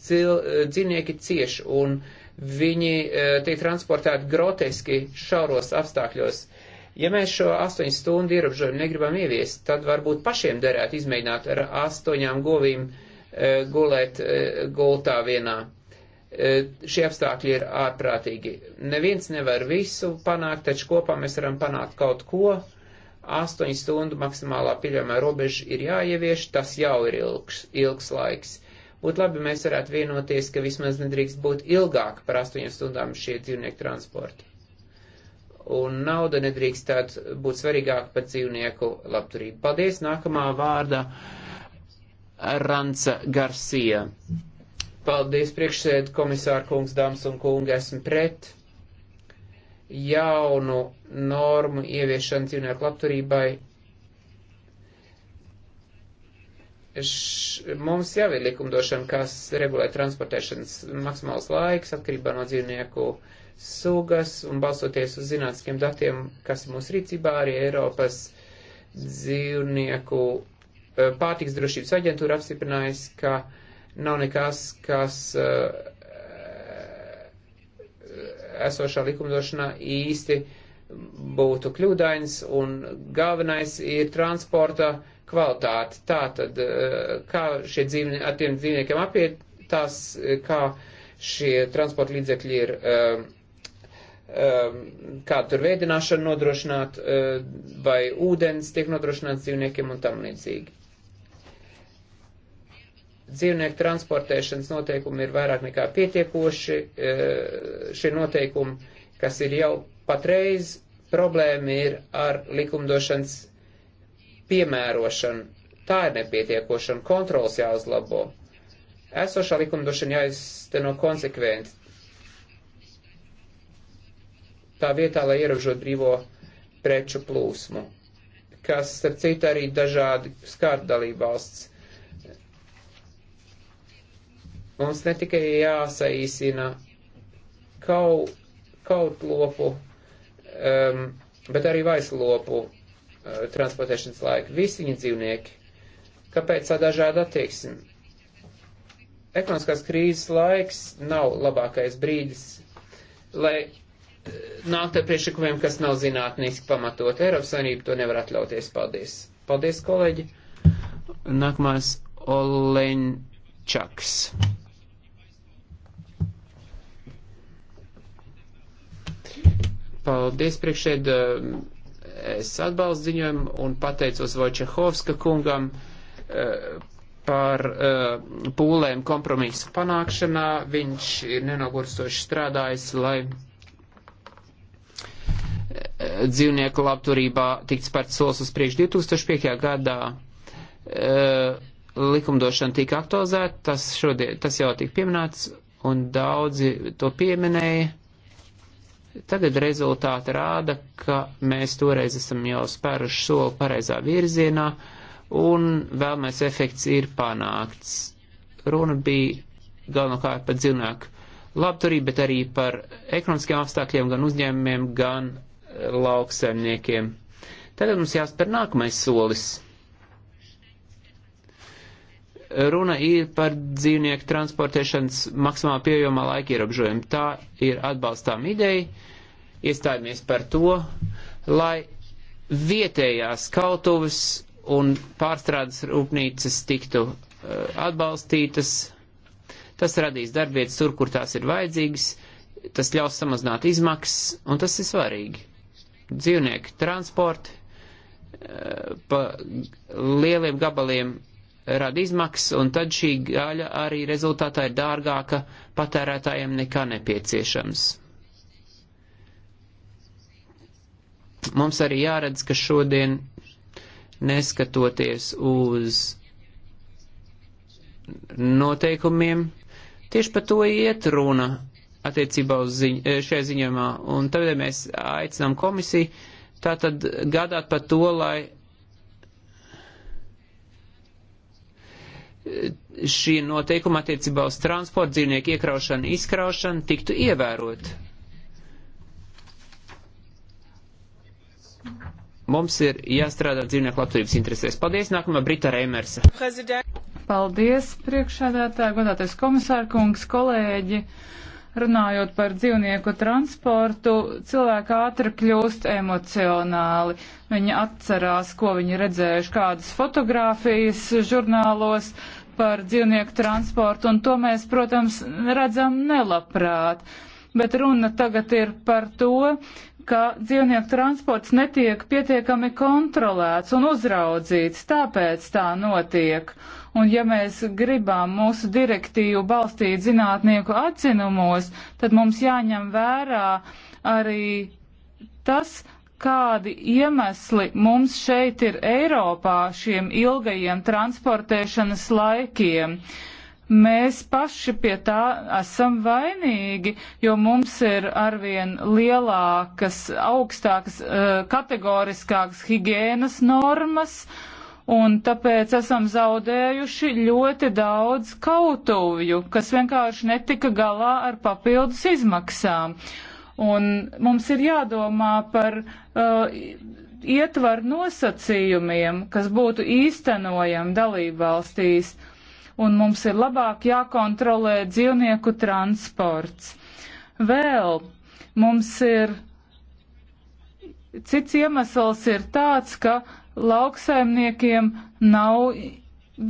Cil, dzīvnieki cieši un viņi tiek transportēti groteski šauros apstākļos. Ja mēs šo 8 stundu ierobežojumu negribam ieviest, tad varbūt pašiem derētu izmēģināt ar 8 govīm e, gulēt e, gultā vienā. E, šie apstākļi ir ārprātīgi. Neviens nevar visu panākt, taču kopā mēs varam panākt kaut ko. 8 stundu maksimālā pieļaujamā robeža ir jāievieš, tas jau ir ilgs, ilgs laiks. Būtu labi, mēs varētu vienoties, ka vismaz nedrīkst būt ilgāk par 8 stundām šie dzīvnieku transporti un nauda nedrīkst tāds būt svarīgāk par dzīvnieku labturību. Paldies, nākamā vārda Ranca Garcia. Paldies, priekšsēd komisāra kungs, dāmas un kungi, esmu pret jaunu normu ieviešanu dzīvnieku labturībai. Š, mums jau ir likumdošana, kas regulē transportēšanas maksimāls laiks atkarībā no dzīvnieku uh, sugas un balsoties uz zinātniskiem datiem, kas ir mūsu rīcībā, arī Eiropas dzīvnieku eh, pārtiks drošības aģentūra apstiprinājusi, ka nav nekas, kas eh, esošā likumdošanā īsti būtu kļūdains, un galvenais ir transporta kvalitāte. Tā tad, eh, kā šie dzīvnie, ar tiem dzīvniekiem apiet, tās, kā šie transporta līdzekļi ir uh, Um, kādu tur veidināšanu nodrošināt, uh, vai ūdens tiek nodrošināts dzīvniekiem un tam līdzīgi. Dzīvnieku transportēšanas noteikumi ir vairāk nekā pietiekoši. Uh, šie noteikumi, kas ir jau patreiz, problēma ir ar likumdošanas piemērošanu. Tā ir nepietiekošana, kontrols jāuzlabo. Esošā likumdošana jāizteno konsekventi tā vietā, lai ierobežot brīvo preču plūsmu, kas, starp citu, arī dažādi skārt dalībvalsts. Mums ne tikai jāsaīsina kaut, kaut lopu, um, bet arī vaislopu uh, transportēšanas laiku. Visi viņa dzīvnieki. Kāpēc tā dažāda attieksme? Ekonomiskās krīzes laiks nav labākais brīdis, lai nākt ar priekšlikumiem, kas nav zinātniski pamatot. Eiropas Savienība to nevar atļauties. Paldies. Paldies, kolēģi. Nākamais Oleņčaks. Paldies priekšēd. Eh, es atbalstu ziņojumu un pateicos Vojčehovska kungam eh, par eh, pūlēm kompromisu panākšanā. Viņš ir nenogurstoši strādājis, lai dzīvnieku labturībā tikts spērts solis uz priekšu 2005. gadā. Uh, likumdošana tika aktualizēta, tas, šodien, tas jau tika pieminēts, un daudzi to pieminēja. Tagad rezultāti rāda, ka mēs toreiz esam jau spēruši soli pareizā virzienā, un vēlmēs efekts ir panākts. Runa bija galvenokārt par dzīvnieku labturību, bet arī par ekonomiskiem apstākļiem gan uzņēmumiem, gan lauksaimniekiem. Tagad mums jāspēr nākamais solis. Runa ir par dzīvnieku transportēšanas maksimālā pieejamā laika ierobežojumu. Tā ir atbalstām ideja. Iestājamies par to, lai vietējās kautuves un pārstrādes rūpnīcas tiktu uh, atbalstītas. Tas radīs darbvietas tur, kur tās ir vajadzīgas, tas ļaus samazināt izmaksas, un tas ir svarīgi dzīvnieku transportu eh, pa lieliem gabaliem rada izmaksas, un tad šī gaļa arī rezultātā ir dārgāka patērētājiem nekā nepieciešams. Mums arī jāredz, ka šodien, neskatoties uz noteikumiem, tieši par to iet runa attiecībā uz ziņ, eh, šajā ziņojumā. Un tagad mēs aicinām komisiju tātad gādāt par to, lai eh, šī noteikuma attiecībā uz transporta dzīvnieku iekraušanu, izkraušanu tiktu ievērot. Mums ir jāstrādā dzīvnieku labturības interesēs. Paldies, nākamā Brita Reimersa. Paldies, priekšādātāji, godātais komisārkungs, kolēģi. Uh, runājot par dzīvnieku transportu, cilvēki ātri kļūst emocionāli. Viņi atcerās, ko viņi redzējuši, kādas fotogrāfijas žurnālos par dzīvnieku transportu, un to mēs, protams, redzam nelabprāt. Bet runa tagad ir par to, ka dzīvnieku transports netiek pietiekami kontrolēts un uzraudzīts, tāpēc tā notiek. Uh, Un ja mēs gribam mūsu direktīvu balstīt zinātnieku atzinumos, tad mums jāņem vērā arī tas, kādi iemesli mums šeit ir Eiropā šiem ilgajiem transportēšanas laikiem. Mēs paši pie tā esam vainīgi, jo mums ir arvien lielākas, augstākas, eh, kategoriskākas higienas normas, uh, un tāpēc esam zaudējuši ļoti daudz kautuvju, kas vienkārši netika galā ar papildus izmaksām. Un mums ir jādomā par uh, ietvaru nosacījumiem, kas būtu īstenojami dalībvalstīs, un mums ir labāk jākontrolē dzīvnieku transports. Vēl mums ir cits iemesls ir tāds, ka lauksaimniekiem nav,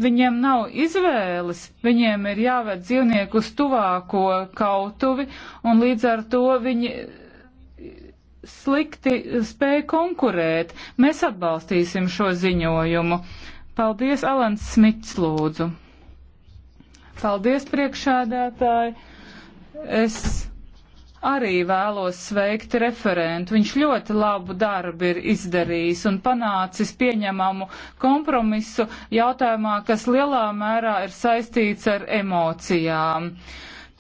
viņiem nav izvēles, viņiem ir jāved dzīvnieku uz tuvāko kautuvi, un līdz ar to viņi slikti spēja konkurēt. Mēs atbalstīsim šo ziņojumu. Paldies, Alans Smits, lūdzu. Paldies, priekšādātāji. Es arī vēlos sveikt referentu. Viņš ļoti labu darbu ir izdarījis un panācis pieņemamu kompromisu jautājumā, kas lielā mērā ir saistīts ar emocijām.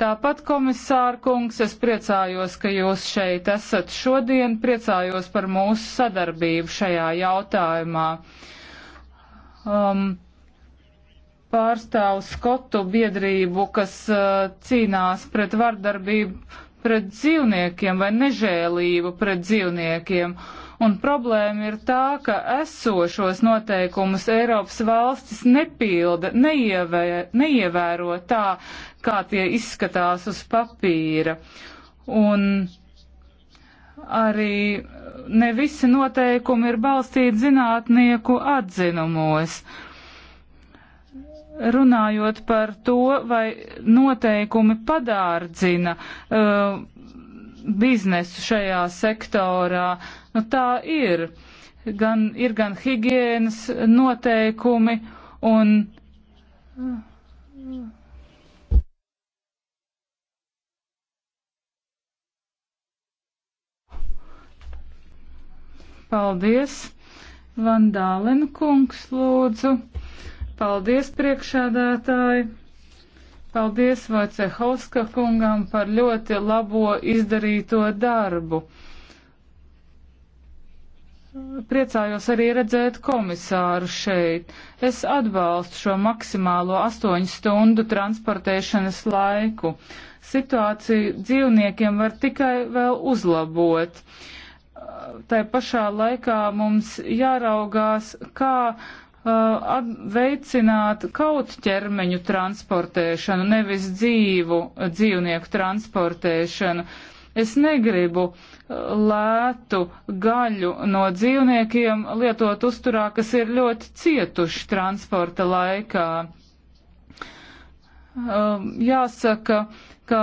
Tāpat, komisāra kungs, es priecājos, ka jūs šeit esat šodien, priecājos par mūsu sadarbību šajā jautājumā. Um, pārstāvu skotu biedrību, kas uh, cīnās pret vardarbību pret dzīvniekiem vai nežēlību pret dzīvniekiem. Un problēma ir tā, ka esošos noteikumus Eiropas valstis nepilda, neievē, neievēro tā, kā tie izskatās uz papīra. Un arī ne visi noteikumi ir balstīti zinātnieku atzinumos. Uh, runājot par to, vai noteikumi padārdzina uh, biznesu šajā sektorā. Nu, tā ir. Gan, ir gan higienas noteikumi un. Uh, paldies, Vandālen kungs, lūdzu. Paldies priekšādātāji! Paldies Vojcehauska kungam par ļoti labo izdarīto darbu. Priecājos arī redzēt komisāru šeit. Es atbalstu šo maksimālo astoņu stundu transportēšanas laiku. Situāciju dzīvniekiem var tikai vēl uzlabot. Tā pašā laikā mums jāraugās, kā Uh, veicināt kaut ķermeņu transportēšanu, nevis dzīvu dzīvnieku transportēšanu. Es negribu uh, lētu gaļu no dzīvniekiem lietot uzturā, kas ir ļoti cietuši transporta laikā. Uh, jāsaka, ka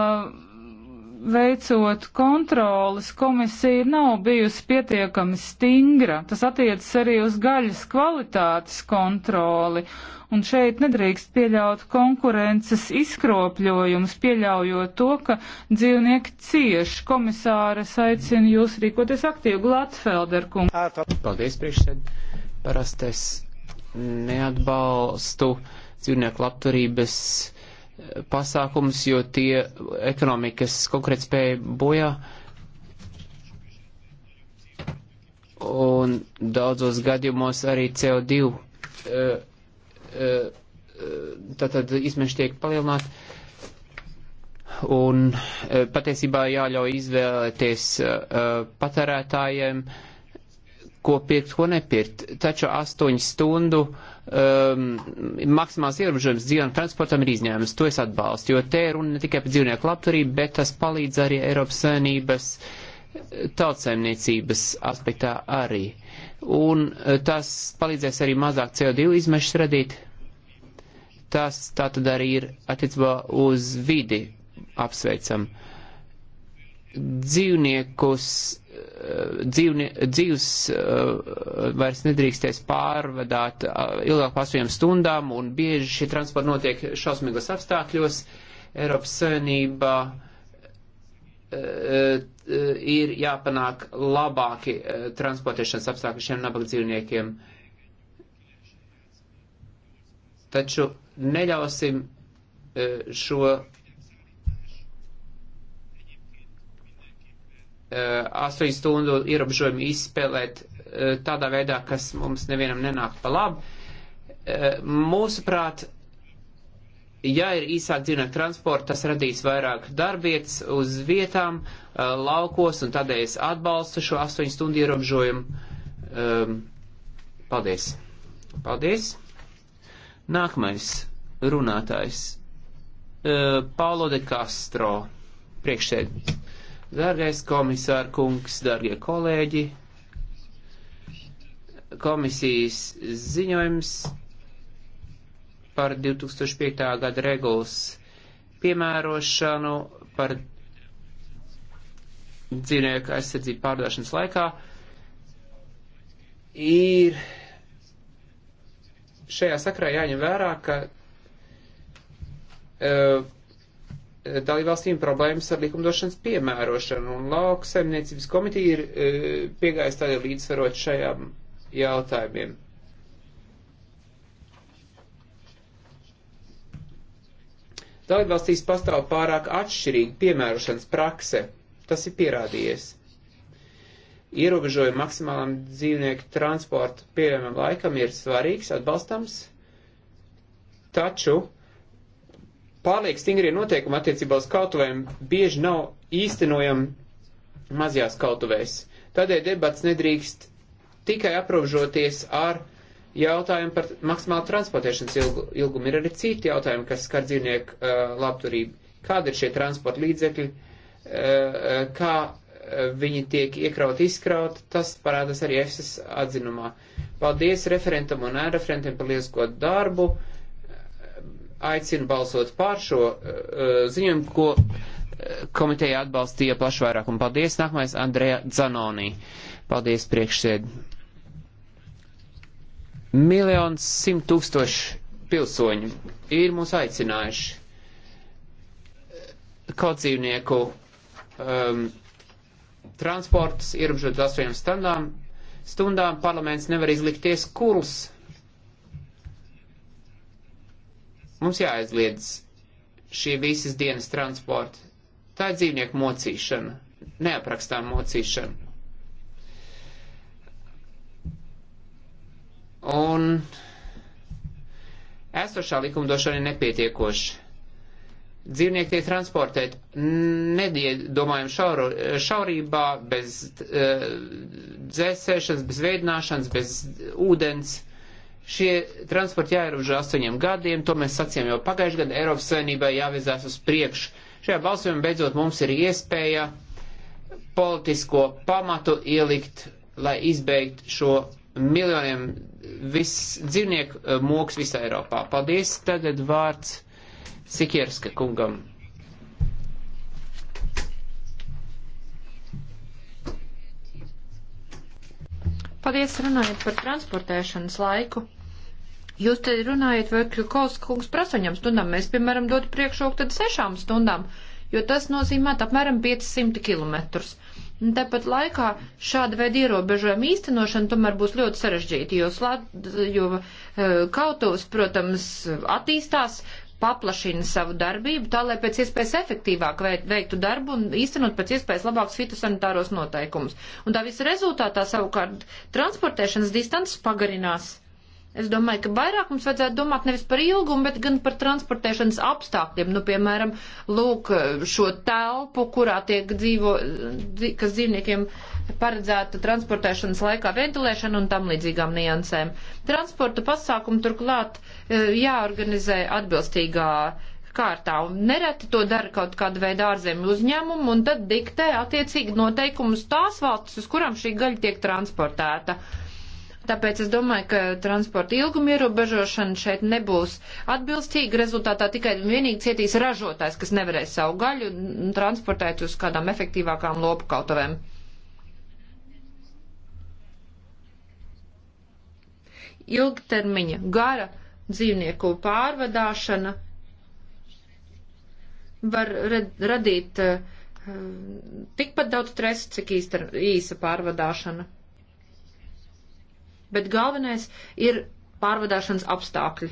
veicot kontrolas, komisija nav bijusi pietiekami stingra. Tas attiecas arī uz gaļas kvalitātes kontroli. Un šeit nedrīkst pieļaut konkurences izkropļojums, pieļaujot to, ka dzīvnieki cieši. Komisāra aicina jūs rīkoties aktīvi. Glatfelderkungs. Paldies, priekšsēd. Parasti es neatbalstu dzīvnieku labturības pasākumus, jo tie ekonomikas konkrēt spēja bojā. Un daudzos gadījumos arī CO2 uh, eh, uh, eh, tātad izmeši tiek palielināti. Un uh, patiesībā jāļauj izvēlēties patērētājiem, ko pirkt, ko nepirkt. Taču astoņu stundu uh, um, maksimāls ierobežojums dzīvnieku transportam ir izņēmums. To es atbalstu, jo te runa ne tikai par dzīvnieku labturību, bet tas palīdz arī Eiropas saimnības eh, tautsaimniecības aspektā arī. Un eh, tas palīdzēs arī mazāk CO2 izmešas radīt. Tas tā tad arī ir attiecībā uz vidi apsveicam. Uh, dzīvniekus, eh, dzīvnie, dzīvs eh, vairs nedrīkstēs pārvadāt eh, ilgāk par 8 stundām, un bieži šī transporta notiek šausmīgos apstākļos. Eiropas Savienība ir jāpanāk labāki transportēšanas apstākļi šiem nabaga dzīvniekiem. Taču neļausim šo 8 eh, stundu ierobežojumu izspēlēt eh, tādā veidā, kas mums nevienam nenāk pa labu. Eh, mūsuprāt, ja ir īsāk dzīvnieku transporta, tas radīs vairāk darbietas uz vietām, laukos, un tādēļ es atbalstu šo 8 stundu ierobežojumu. Paldies! Paldies! Nākamais runātājs. Paulo de Castro, priekšsēdētājs. Dārgais komisāra kungs, dārgie kolēģi, komisijas ziņojums par 2005. gada regulas piemērošanu par dzīvnieku aizsardzību pārdošanas laikā ir šajā sakrā jāņem vērā, ka uh, dalībvalstīm problēmas ar likumdošanas piemērošanu, un lauksaimniecības komiteja ir e, piegājis tādā līdzsvarot šajām jautājumiem. Dalībvalstīs pastāv pārāk atšķirīga piemērošanas prakse, tas ir pierādījies. Ierobežojumi maksimālam dzīvnieku transportu pieejamam laikam ir svarīgs, atbalstams, taču pārliek stingrie noteikumi attiecībā uz kautuvēm bieži nav īstenojami mazajās kautuvēs. Tādēļ debats nedrīkst tikai aprobežoties ar jautājumu par maksimālu transportēšanas ilgu, ilgumu. Ir arī citi jautājumi, kas skar dzīvnieku uh, labturību. Kāda ir šie transporta līdzekļi, uh, uh kā uh, viņi tiek iekraut, izkraut, tas parādās arī EFSAS atzinumā. Paldies referentam un ēreferentiem par lielisko darbu. Uh, aicinu balsot pār šo uh, ziņojumu, ko eh, komiteja atbalstīja plašvairāk. Un paldies, nākamais Andrejā Dzanonī. Paldies, priekšsēd. Miljons simt tūkstoši pilsoņu ir mūs aicinājuši kaut dzīvnieku um, transports ierobežot uz 8 stundām. Stundām parlaments nevar izlikties kurs Mums jāaizliedz šie visas dienas transporti. Tā ir dzīvnieku mocīšana, neaprakstām mocīšana. Un esošā likumdošana ir nepietiekoša. Dzīvnieki tiek transportēti nediedomājam šauru, šaurībā, bez uh, dzēsēšanas, bez veidināšanas, bez ūdens. Šie transporti jāierobežo astoņiem gadiem, to mēs sacījām jau pagājušajā gadā Eiropas Savienībai jāvirzās uz priekšu. Šajā balsojumā beidzot mums ir iespēja politisko pamatu ielikt, lai izbeigt šo miljoniem viss dzīvnieku eh, mūks visā Eiropā. Paldies, tagad vārds Sikierska kungam. Paldies, runājot par transportēšanas laiku. Jūs te runājat, vai Kļukovs kungs prasaņam stundām, mēs, piemēram, dotu priekšroku tad sešām stundām, jo tas nozīmē apmēram 500 kilometrus. Tāpat laikā šāda veida ierobežojuma īstenošana tomēr būs ļoti sarežģīta, jo, slād, jo eh, kautovs, protams, attīstās, paplašina savu darbību, tā lai pēc iespējas efektīvāk veiktu darbu un īstenot pēc iespējas labākus fitosanitāros noteikumus. Un tā visa rezultātā savukārt transportēšanas distances pagarinās. Es domāju, ka vairāk mums vajadzētu domāt nevis par ilgumu, bet gan par transportēšanas apstākļiem. Nu, piemēram, lūk, šo telpu, kurā tiek dzīvo, kas dzīvniekiem paredzēta transportēšanas laikā ventilēšana un tam līdzīgām niansēm. Transporta pasākumu turklāt e, jāorganizē atbilstīgā kārtā. Un nereti to dara kaut kāda veida ārzemju uzņēmumu un tad diktē attiecīgi noteikumus tās valstis, uz kurām šī gaļa tiek transportēta. Uh, Tāpēc es domāju, ka transporta ilguma ierobežošana šeit nebūs atbilstīga. Rezultātā tikai un vienīgi cietīs ražotājs, kas nevarēs savu gaļu transportēt uz kādām efektīvākām lopu kautuvēm. Ilgtermiņa gara dzīvnieku pārvadāšana var radīt uh, tikpat daudz stresa, cik īsta, īsa pārvadāšana bet galvenais ir pārvadāšanas apstākļi.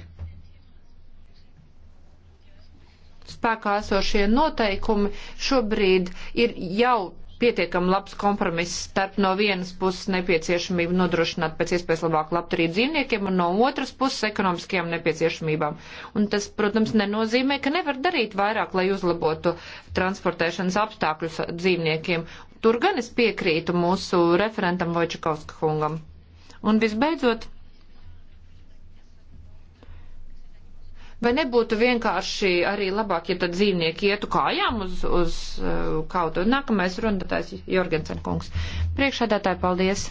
Spēkā esošie noteikumi šobrīd ir jau pietiekami labs kompromiss starp no vienas puses nepieciešamību nodrošināt pēc iespējas labāku labturību dzīvniekiem un no otras puses ekonomiskajām nepieciešamībām. Un tas, protams, nenozīmē, ka nevar darīt vairāk, lai uzlabotu transportēšanas apstākļus dzīvniekiem. Tur gan es piekrītu mūsu referentam Vojčakovska kungam. Un visbeidzot, vai nebūtu vienkārši arī labāk, ja tad dzīvnieki ietu kājām uz, uz uh, kaut? Nākamais runātājs Jorgensen kungs. Priekšādātāji, paldies!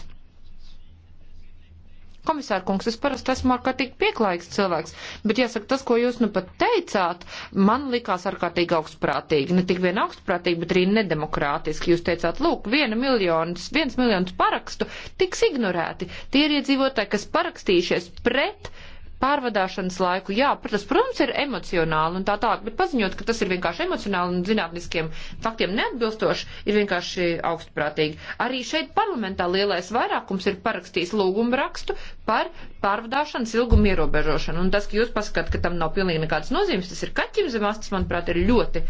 Komisāra kungs, es parasti esmu ārkārtīgi pieklājīgs cilvēks, bet jāsaka, tas, ko jūs nu pat teicāt, man likās ārkārtīgi augstprātīgi. Ne tik vien augstprātīgi, bet arī nedemokrātiski. Jūs teicāt, lūk, viena miljonus, viens miljonus parakstu tiks ignorēti. Tie ir iedzīvotāji, kas parakstījušies pret uh, pārvadāšanas laiku. Jā, tas, protams, ir emocionāli un tā tālāk, bet paziņot, ka tas ir vienkārši emocionāli un zinātniskiem faktiem neatbilstoši, ir vienkārši augstprātīgi. Arī šeit parlamentā lielais vairākums ir parakstījis lūgumu rakstu par pārvadāšanas ilgumu ierobežošanu. Un tas, ka jūs pasakāt, ka tam nav pilnīgi nekādas nozīmes, tas ir kaķim zemāstas, manuprāt, ir ļoti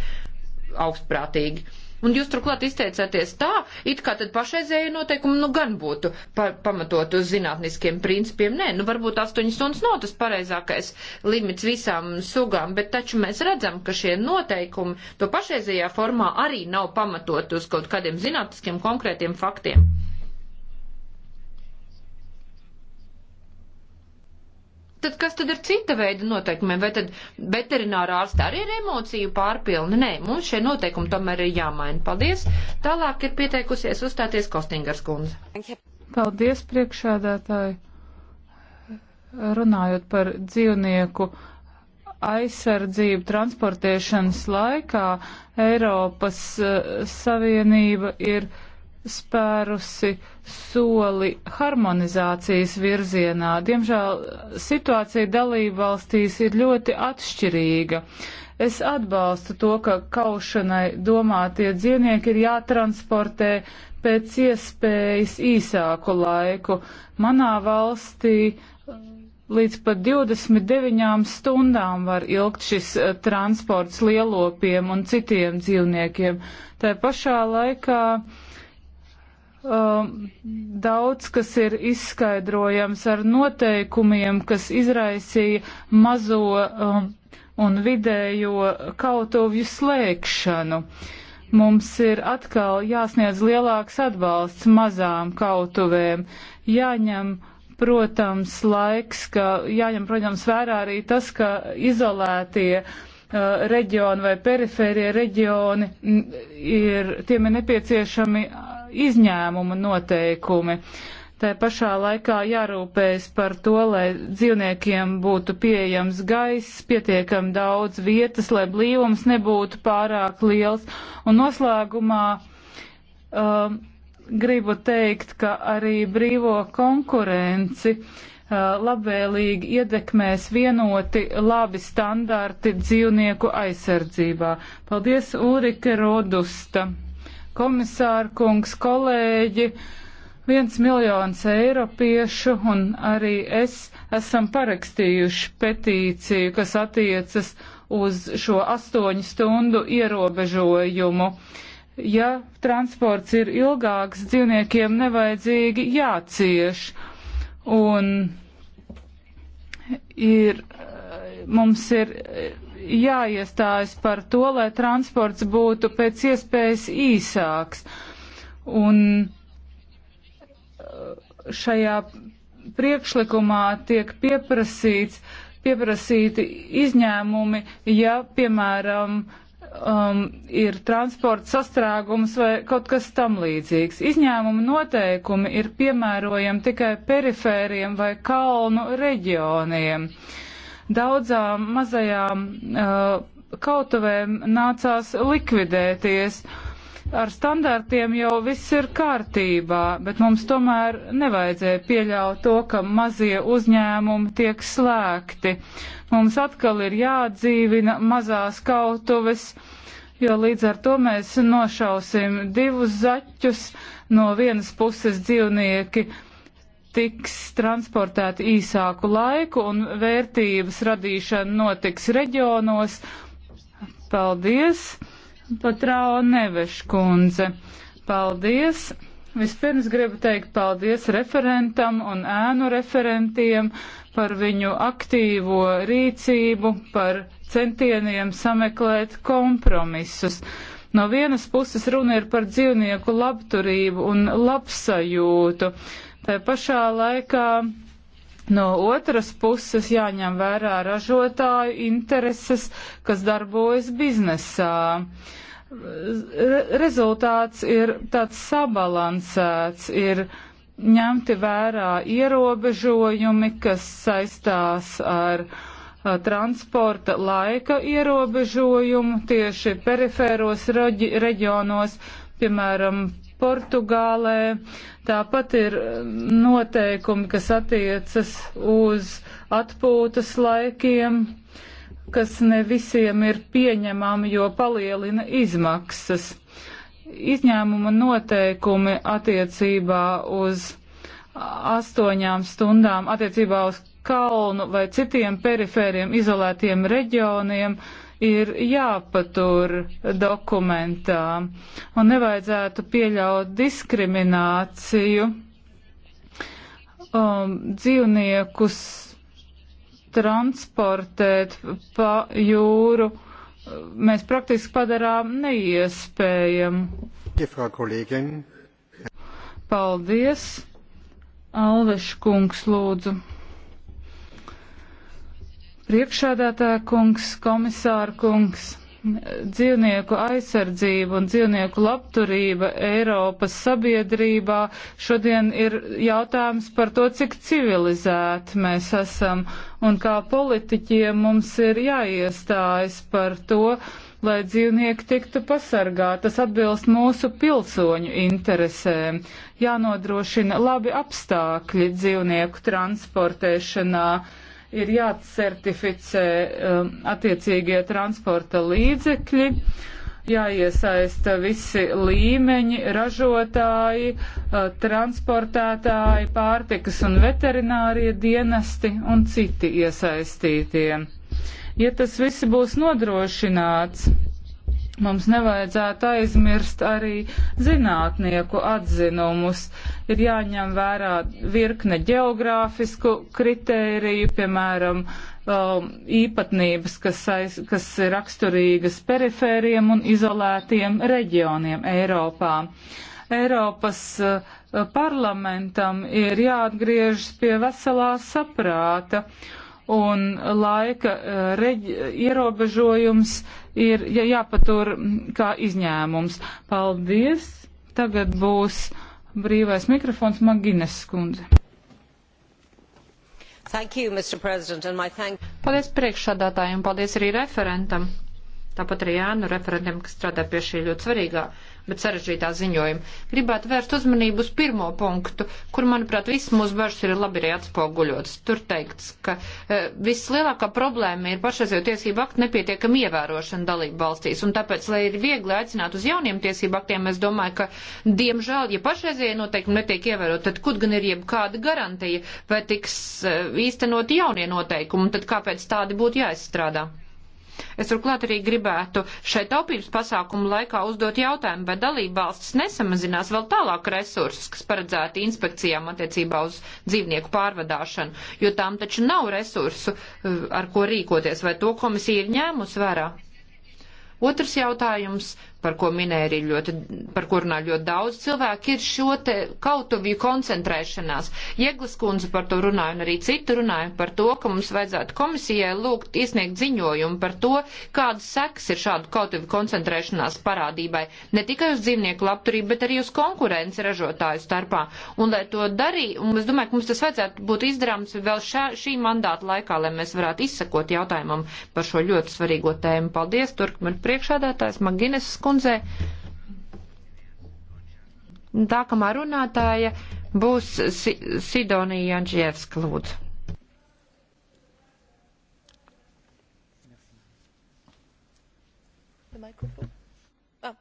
augstprātīgi. Un jūs turklāt izteicāties tā, it kā tad pašreizēja noteikuma nu gan būtu pa pamatot uz zinātniskiem principiem. Nē, nu varbūt astoņas suns nav tas pareizākais limits visām sugām, bet taču mēs redzam, ka šie noteikumi to pašreizējā formā arī nav pamatot uz kaut kādiem zinātniskiem konkrētiem faktiem. Tad kas tad ir cita veida noteikumiem? Vai tad veterinārā ārstā arī ir emociju pārpilni? Nē, mums šie noteikumi tomēr ir jāmaina. Paldies. Tālāk ir pieteikusies uzstāties Kostingars kundze. Paldies, priekšādātāji. Runājot par dzīvnieku aizsardzību transportēšanas laikā, Eiropas uh, Savienība ir spērusi soli harmonizācijas virzienā. Diemžēl situācija dalība valstīs ir ļoti atšķirīga. Es atbalstu to, ka kaušanai domātie dzīvnieki ir jātransportē pēc iespējas īsāku laiku. Manā valstī uh, līdz pat 29 stundām var ilgt šis uh, transports lielopiem un citiem dzīvniekiem. Tā pašā laikā uh, um, daudz kas ir izskaidrojams ar noteikumiem, kas izraisīja mazo um, un vidējo kautovju slēgšanu. Mums ir atkal jāsniedz lielāks atbalsts mazām kautuvēm, jāņem protams, laiks, ka jāņem, protams, vērā arī tas, ka izolētie uh, reģioni vai perifērie reģioni mm, ir, tiem ir nepieciešami izņēmuma noteikumi. Tā pašā laikā jārūpējas par to, lai dzīvniekiem būtu pieejams gaiss, pietiekam daudz vietas, lai blīvums nebūtu pārāk liels. Un noslēgumā um, gribu teikt, ka arī brīvo konkurenci uh, labvēlīgi iedekmēs vienoti labi standarti dzīvnieku aizsardzībā. Paldies, Ulrike Rodusta! komisārkungs, kolēģi. Viens miljons eiropiešu un arī es esam parakstījuši petīciju, kas attiecas uz šo astoņu stundu ierobežojumu. Ja transports ir ilgāks, dzīvniekiem nevajadzīgi jācieš. Un ir, mums ir jāiestājas par to, lai transports būtu pēc iespējas īsāks. Un uh, šajā priekšlikumā tiek pieprasīts, pieprasīti izņēmumi, ja, piemēram, um, ir transporta sastrēgums vai kaut kas tam līdzīgs. Izņēmuma noteikumi ir piemērojami tikai perifēriem vai kalnu reģioniem. Uh, Daudzām mazajām uh, kautuvēm nācās likvidēties. Ar standartiem jau viss ir kārtībā, bet mums tomēr nevajadzēja pieļaut to, ka mazie uzņēmumi tiek slēgti. Mums atkal ir jāatdzīvina mazās kautuves jo līdz ar to mēs nošausim divus zaķus no vienas puses dzīvnieki tiks transportēti īsāku laiku un vērtības radīšana notiks reģionos. Paldies, Patrāo Neveškundze. Paldies. Vispirms gribu teikt paldies referentam un ēnu referentiem par viņu aktīvo rīcību, par centieniem sameklēt kompromisus. No vienas puses runa ir par dzīvnieku labturību un labsajūtu. Uh, Tā pašā laikā no otras puses jāņem vērā ražotāju intereses, kas darbojas biznesā. Re rezultāts ir tāds sabalansēts, ir ņemti vērā ierobežojumi, kas saistās ar a, transporta laika ierobežojumu tieši perifēros reģionos, piemēram, Portugālē Tāpat ir eh, noteikumi, kas attiecas uz atpūtas laikiem, kas ne visiem ir pieņemami, jo palielina izmaksas. Izņēmuma noteikumi attiecībā uz astoņām stundām, attiecībā uz kalnu vai citiem perifēriem izolētiem reģioniem ir jāpatur dokumentā un nevajadzētu pieļaut diskrimināciju um, dzīvniekus transportēt pa jūru. Mēs praktiski padarām neiespējamu. Paldies! Alveškungs lūdzu. Priekšādātāja kungs, komisāra kungs, dzīvnieku aizsardzība un dzīvnieku labturība Eiropas sabiedrībā šodien ir jautājums par to, cik civilizēti mēs esam un kā politiķiem mums ir jāiestājas par to, lai dzīvnieki tiktu pasargāti. Tas atbilst mūsu pilsoņu interesēm. Jānodrošina labi apstākļi dzīvnieku transportēšanā ir jācertificē um, attiecīgie transporta līdzekļi, jāiesaista visi līmeņi, ražotāji, uh, transportētāji, pārtikas un veterinārie dienesti un citi iesaistītie. Ja tas viss būs nodrošināts, Mums nevajadzētu aizmirst arī zinātnieku atzinumus. Ir jāņem vērā virkne geogrāfisku kritēriju, piemēram, um, īpatnības, kas, aiz, kas ir raksturīgas perifēriem un izolētiem reģioniem Eiropā. Eiropas uh, parlamentam ir jāatgriežas pie veselā saprāta un laika eh, reģi, ierobežojums ir ja jāpatur kā izņēmums. Paldies! Tagad būs brīvais mikrofons Magines skundze. You, thank... Paldies priekšsādātājiem, paldies arī referentam, tāpat arī Jānu referentiem, kas strādā pie šī ļoti svarīgā bet sarežģītā ziņojuma. Gribētu vērst uzmanību uz pirmo punktu, kur, manuprāt, viss mūsu bažas ir labi arī atspoguļotas. Tur teikts, ka e, vislielākā problēma ir pašreizējo tiesību aktu nepietiekama ievērošana dalību valstīs, un tāpēc, lai ir viegli aicināt uz jauniem tiesību aktiem, es domāju, ka, diemžēl, ja pašreizējie noteikumi netiek ievērot, tad kur gan ir jebkāda garantija, vai tiks e, īstenot jaunie noteikumi, tad kāpēc tādi būtu jāizstrādā? Es turklāt arī gribētu šai taupības pasākumu laikā uzdot jautājumu, vai dalība valsts nesamazinās vēl tālāk resursus, kas paredzēti inspekcijām attiecībā uz dzīvnieku pārvadāšanu, jo tām taču nav resursu, eh, ar ko rīkoties, vai to komisija ir ņēmusi vērā. Otrs jautājums par ko minēja arī ļoti, par ko runā ļoti daudz cilvēku, ir šo te kautuvju koncentrēšanās. Jeglas kundze par to runāja un arī citu runāja par to, ka mums vajadzētu komisijai lūgt iesniegt ziņojumu par to, kādas sekas ir šādu kautuvju koncentrēšanās parādībai, ne tikai uz dzīvnieku labturību, bet arī uz konkurenci ražotāju starpā. Un lai to darītu, un es domāju, ka mums tas vajadzētu būt izdarāms vēl šā, šī mandāta laikā, lai mēs varētu izsakot jautājumam par šo ļoti svarīgo tēmu. Paldies, Turkmen priekšādātājs Magineses kundze kundzei. Nākamā runātāja būs si Sidonija Jančievska lūdzu. Ah,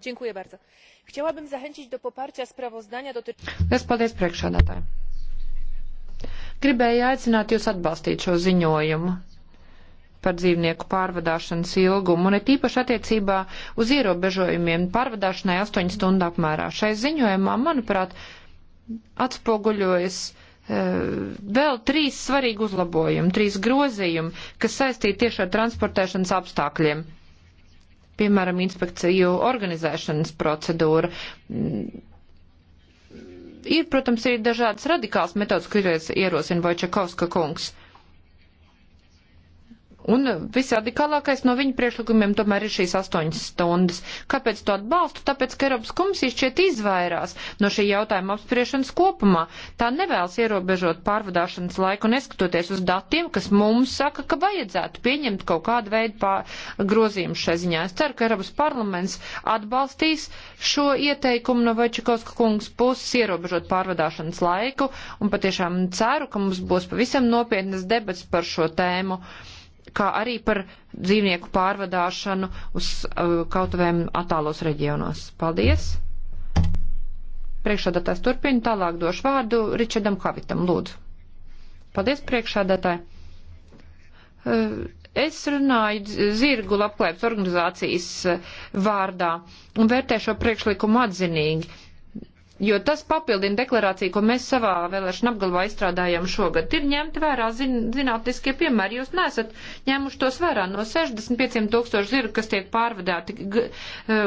dziękuję bardzo. Chciałabym zachęcić do poparcia sprawozdania dotyczącego. Gribēju aicināt jūs atbalstīt šo ziņojumu par dzīvnieku pārvadāšanas ilgumu, un ir tīpaši attiecībā uz ierobežojumiem pārvadāšanai 8 stundu apmērā. Šai ziņojumā, manuprāt, atspoguļojas e, vēl trīs svarīgi uzlabojumi, trīs grozījumi, kas saistīti tieši ar transportēšanas apstākļiem. Piemēram, inspekciju organizēšanas procedūra. Ir, protams, ir dažādas radikālas metodas, kuras ierosina Vojčakovska kungs. Un visradikālākais no viņa priešlikumiem tomēr ir šīs astoņas stundas. Kāpēc to atbalstu? Tāpēc, ka Eiropas komisija šķiet izvairās no šī jautājuma apspriešanas kopumā. Tā nevēlas ierobežot pārvadāšanas laiku, neskatoties uz datiem, kas mums saka, ka vajadzētu pieņemt kaut kādu veidu grozījumu šai ziņā. Es ceru, ka Eiropas parlaments atbalstīs šo ieteikumu no Vaičakovska kungas puses ierobežot pārvadāšanas laiku un patiešām ceru, ka mums būs pavisam nopietnas debats par šo tēmu. Thank you kā arī par dzīvnieku pārvadāšanu uz uh, kautuvēm attālos reģionos. Paldies! Priekšādātājs turpina, tālāk došu vārdu Ričardam Havitam, lūdzu. Paldies, priekšādātāji! Uh, es runāju zirgu labklājības organizācijas uh, vārdā un vērtēju šo priekšlikumu atzinīgi jo tas papildina deklarāciju, ko mēs savā vēlēšana apgalvā izstrādājām šogad. Ir ņemti vērā zin, zinātniskie piemēri, jūs nesat ņēmuši tos vērā no 65 tūkstoši zirgu, kas tiek pārvadāti e,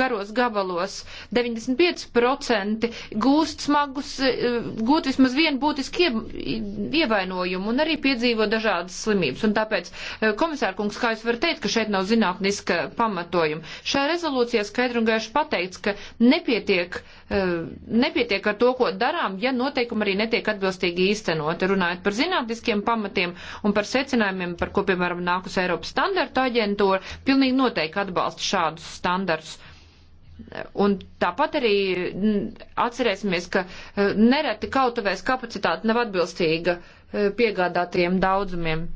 garos gabalos, 95% gūst smagus, e, gūt vismaz vienu būtisku ievainojumu un arī piedzīvo dažādas slimības. Un tāpēc, e, komisārkungs, kā jūs varat teikt, ka šeit nav zinātniska pamatojuma? Šajā rezolūcijā skaidri un gaiši pateikts, ka nepietiek uh, nepietiek ar to, ko darām, ja noteikumi arī netiek atbilstīgi īstenoti. Runājot par zinātniskiem pamatiem un par secinājumiem, par ko, piemēram, nākus Eiropas standarta aģentūra, pilnīgi noteikti atbalsta šādus standartus. Un tāpat arī atcerēsimies, ka nereti kautuvēs kapacitāte nav atbilstīga e, piegādātajiem daudzumiem.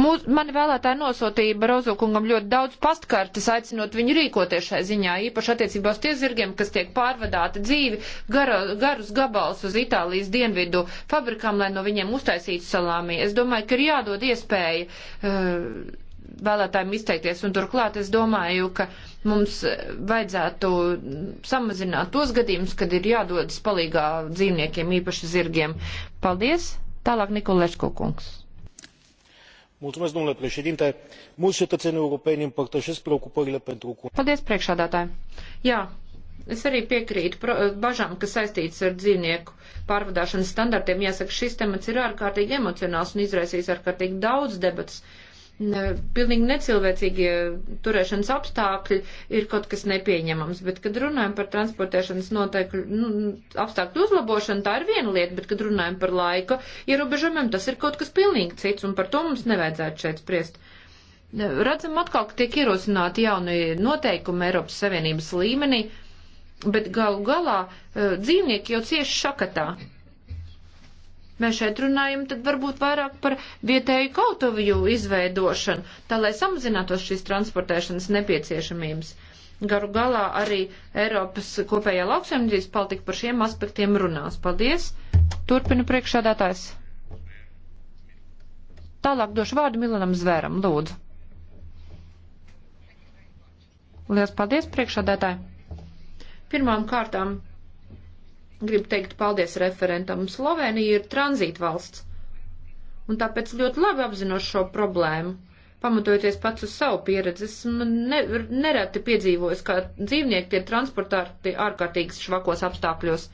Mūs, mani vēlētāji nosūtīja Barozokungam ļoti daudz pastkartes, aicinot viņu rīkoties šai ziņā, īpaši attiecībā uz tie zirgiem, kas tiek pārvadāti dzīvi gara, garus gabals uz Itālijas dienvidu fabrikām, lai no viņiem uztaisītu salāmī. Es domāju, ka ir jādod iespēja. Uh, vēlētājiem izteikties. Un turklāt es domāju, ka mums vajadzētu samazināt tos gadījumus, kad ir jādodas palīgā dzīvniekiem, īpaši zirgiem. Paldies! Tālāk Nikolēško kungs mulți cetățeni europeni împărtășesc preocupările pentru climă. Paldies, priekšādātāji! Jā, es arī piekrītu bažām, kas saistītas ar dzīvnieku pārvadāšanas standartiem. Jāsaka, šis temats ir ārkārtīgi emocionāls un izraisīs ārkārtīgi daudz debatas ne, pilnīgi necilvēcīgie turēšanas apstākļi ir kaut kas nepieņemams, bet, kad runājam par transportēšanas noteikļu, nu, nu, apstākļu uzlabošanu, tā ir viena lieta, bet, kad runājam par laika ierobežojumiem, tas ir kaut kas pilnīgi cits, un par to mums nevajadzētu šeit spriest. Redzam atkal, ka tiek ierosināti jauni noteikumi Eiropas Savienības līmenī, bet galu galā eh, dzīvnieki jau cieši šakatā. Mēs šeit runājam tad varbūt vairāk par vietēju kautoviju izveidošanu, tā lai samazinātos šīs transportēšanas nepieciešamības. Garu galā arī Eiropas kopējā lauksaimniecības politika par šiem aspektiem runās. Paldies! Turpinu priekšādātājs. Tālāk došu vārdu Milanam Zvēram, lūdzu. Lielas paldies priekšādātāji! Pirmām kārtām Gribu teikt paldies referentam. Slovenija ir tranzītvalsts. Un tāpēc ļoti labi apzinos šo problēmu pamatojoties pats uz savu pieredzi, esmu ne, nereti piedzīvojis, ka dzīvnieki tiek transportēti ārkārtīgi švakos apstākļos.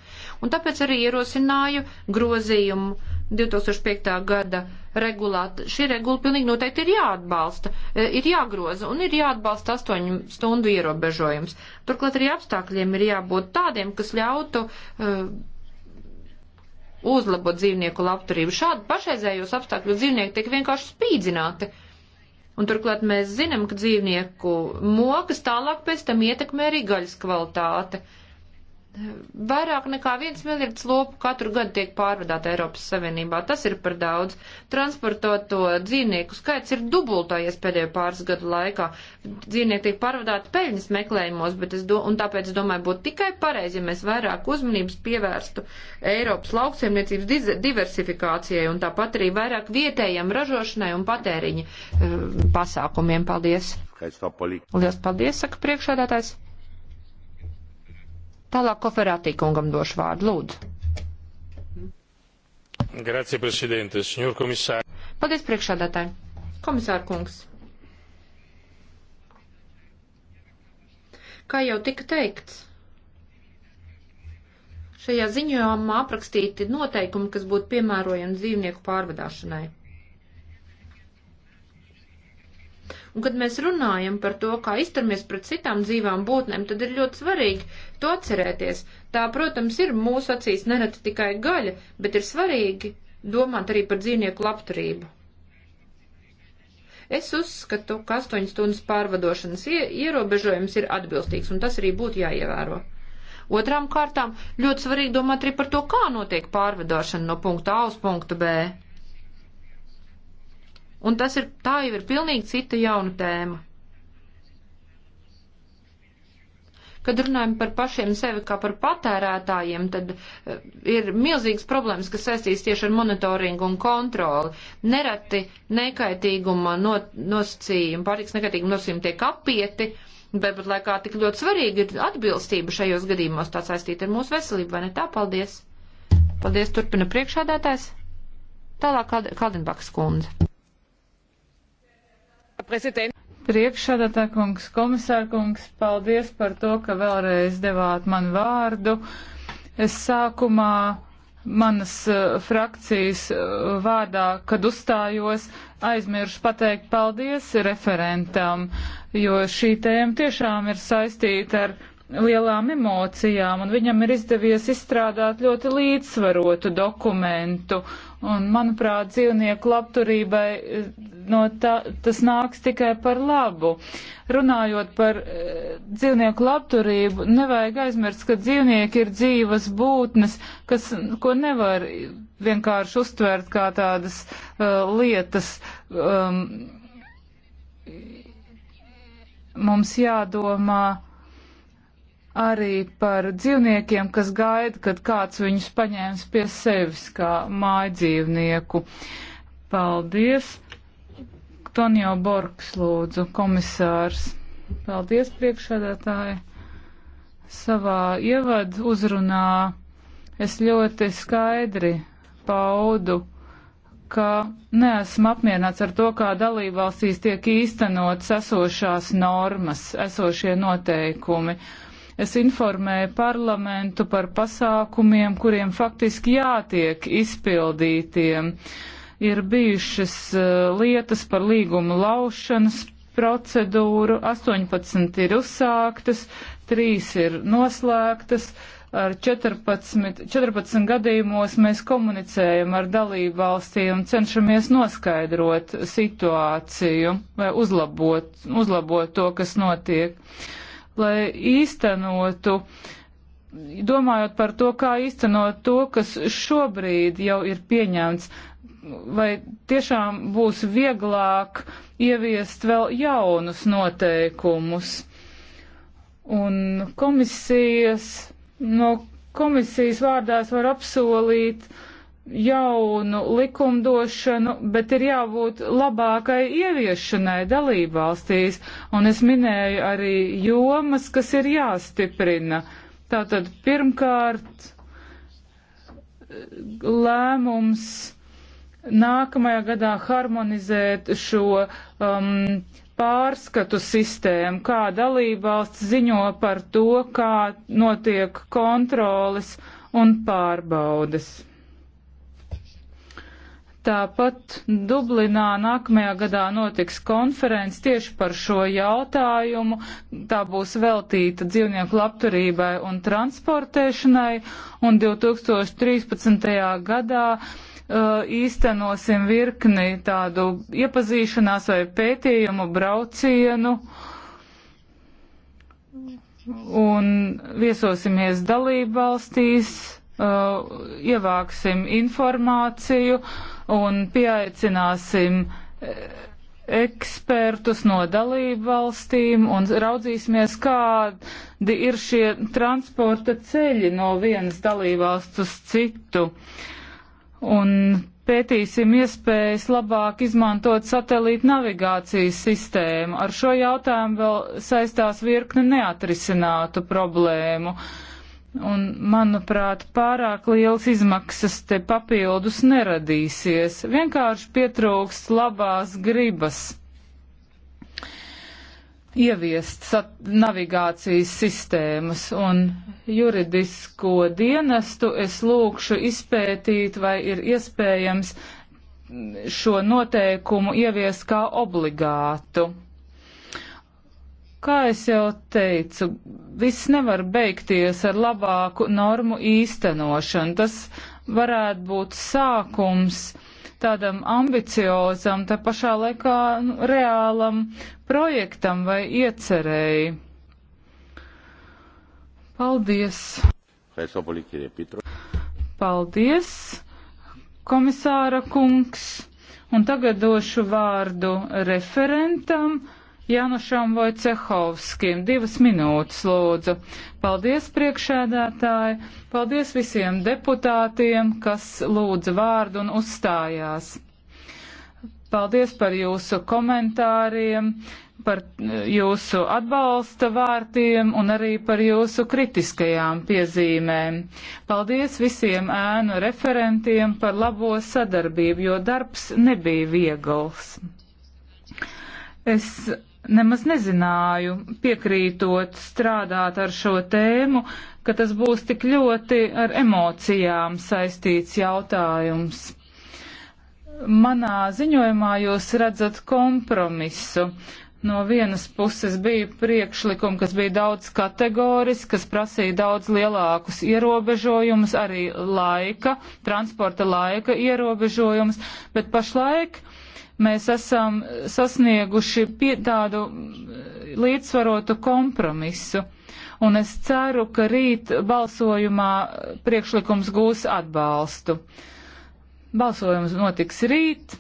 Un tāpēc arī ierosināju grozījumu 2005. gada regulāta. Šī regula pilnīgi noteikti ir jāatbalsta, e, ir jāgroza un ir jāatbalsta 8 stundu ierobežojums. Turklāt arī apstākļiem ir jābūt tādiem, kas ļautu uh, uzlabot dzīvnieku labturību. Šādi pašreizējos apstākļos dzīvnieki tiek vienkārši spīdzināti. Un turklāt mēs zinām, ka dzīvnieku mokas tālāk pēc tam ietekmē arī gaļas kvalitāte. Uh, Vairāk nekā viens miljards lopu katru gadu tiek pārvadāta Eiropas Savienībā. Tas ir par daudz. Transportoto dzīvnieku skaits ir dubultojies pēdējo pāris gadu laikā. Dzīvnieki tiek pārvadāti peļņas meklējumos, bet es do, un tāpēc es domāju, būtu tikai pareizi, ja mēs vairāk uzmanības pievērstu Eiropas lauksaimniecības diversifikācijai un tāpat arī vairāk vietējiem ražošanai un patēriņa uh, pasākumiem. Paldies! Lielas paldies, saka priekšādātājs! Tālāk koferātī kungam došu vārdu. Lūdzu. Grazie, prezidente, signor komisār. Paldies, priekšādātāji. Komisār kungs. Kā jau tika teikts, šajā ziņojumā aprakstīti noteikumi, kas būtu piemērojami dzīvnieku pārvadāšanai. Un kad mēs runājam par to, kā izturmies pret citām dzīvām būtnēm, tad ir ļoti svarīgi to atcerēties. Tā, protams, ir mūsu acīs nereti tikai gaļa, bet ir svarīgi domāt arī par dzīvnieku labturību. Es uzskatu, ka 8 stundas pārvadošanas ierobežojums ir atbilstīgs, un tas arī būtu jāievēro. Otrām kārtām ļoti svarīgi domāt arī par to, kā notiek pārvadošana no punkta A uz punktu B. Un tas ir, tā jau ir pilnīgi cita jauna tēma. Kad runājam par pašiem sevi kā par patērētājiem, tad eh, ir milzīgas problēmas, kas saistīs tieši ar monitoringu un kontroli. Nereti nekaitīguma nosacījumi, pārtiks nekaitīguma nosacījumi tiek apieti, bet, bet laikā tik ļoti svarīgi ir atbilstība šajos gadījumos, tā saistīta ar mūsu veselību, vai ne tā? Paldies! Paldies, turpina priekšādātājs. Tālāk Kaldinbaks kundze. Priekšsēdētā kungs, komisāra kungs, paldies par to, ka vēlreiz devāt man vārdu. Es sākumā manas uh, frakcijas uh, vārdā, kad uzstājos, aizmiršu pateikt paldies referentam, jo šī tēma tiešām ir saistīta ar lielām emocijām, un viņam ir izdevies izstrādāt ļoti līdzsvarotu dokumentu. Un, manuprāt, dzīvnieku labturībai eh, no tā, tas nāks tikai par labu. Runājot par e, dzīvnieku labturību, nevajag aizmirst, ka dzīvnieki ir dzīvas būtnes, kas, ko nevar vienkārši uztvert kā tādas e, lietas. Um, mums jādomā arī par dzīvniekiem, kas gaida, kad kāds viņus paņēmis pie sevis kā mājdzīvnieku. Paldies! Tonio Borgs lūdzu, komisārs. Paldies, priekšādātāji! Savā ievadu uzrunā es ļoti skaidri paudu, ka neesmu apmierināts ar to, kā dalībvalstīs tiek īstenot esošās normas, esošie noteikumi. Uh, Es informēju parlamentu par pasākumiem, kuriem faktiski jātiek izpildītiem. Ir bijušas eh, lietas par līgumu laušanas procedūru, 18 ir uzsāktas, 3 ir noslēgtas, ar 14, 14 gadījumos mēs komunicējam ar dalību valstīm un cenšamies noskaidrot situāciju vai uzlabot, uzlabot to, kas notiek. Uh, lai īstenotu, domājot par to, kā īstenot to, kas šobrīd jau ir pieņemts, vai tiešām būs vieglāk ieviest vēl jaunus noteikumus. Un komisijas, no komisijas vārdās var apsolīt, uh, jaunu likumdošanu, bet ir jābūt labākai ieviešanai dalībvalstīs, un es minēju arī jomas, kas ir jāstiprina. Tātad pirmkārt lēmums nākamajā gadā harmonizēt šo um, pārskatu sistēmu, kā dalībvalsts ziņo par to, kā notiek kontroles un pārbaudes. Tāpat Dublinā nākamajā gadā notiks konferences tieši par šo jautājumu. Tā būs veltīta dzīvnieku labturībai un transportēšanai, un 2013. gadā uh, īstenosim virkni tādu iepazīšanās vai pētījumu braucienu un viesosimies dalību valstīs, uh, ievāksim informāciju. Uh, un pieaicināsim e, ekspertus no dalību valstīm un raudzīsimies, kādi ir šie transporta ceļi no vienas dalībvalsts uz citu. Un pētīsim iespējas labāk izmantot satelīta navigācijas sistēmu. Ar šo jautājumu vēl saistās virkne neatrisinātu problēmu. Uh, Un, manuprāt, pārāk liels izmaksas te papildus neradīsies. Vienkārši pietrūks labās gribas ieviest navigācijas sistēmas un juridisko dienestu es lūkšu izpētīt, vai ir iespējams šo noteikumu ieviest kā obligātu. Kā es jau teicu, viss nevar beigties ar labāku normu īstenošanu. Tas varētu būt sākums tādam ambiciozam, tā pašā laikā nu, reālam projektam vai iecerēji. Paldies! Paldies, komisāra kungs! Un tagad došu vārdu referentam. Janušam Vojcehovskim. Divas minūtes, lūdzu. Paldies, priekšēdētāji. Paldies visiem deputātiem, kas lūdza vārdu un uzstājās. Paldies par jūsu komentāriem, par jūsu atbalsta vārtiem un arī par jūsu kritiskajām piezīmēm. Paldies visiem ēnu referentiem par labo sadarbību, jo darbs nebija viegls. Es nemaz nezināju, piekrītot strādāt ar šo tēmu, ka tas būs tik ļoti ar emocijām saistīts jautājums. Manā ziņojumā jūs redzat kompromisu. No vienas puses bija priekšlikumi, kas bija daudz kategoriski, kas prasīja daudz lielākus ierobežojumus, arī laika, transporta laika ierobežojumus, bet pašlaik uh, mēs esam sasnieguši tādu līdzsvarotu kompromisu. Un es ceru, ka rīt balsojumā priekšlikums gūs atbalstu. Balsojums notiks rīt.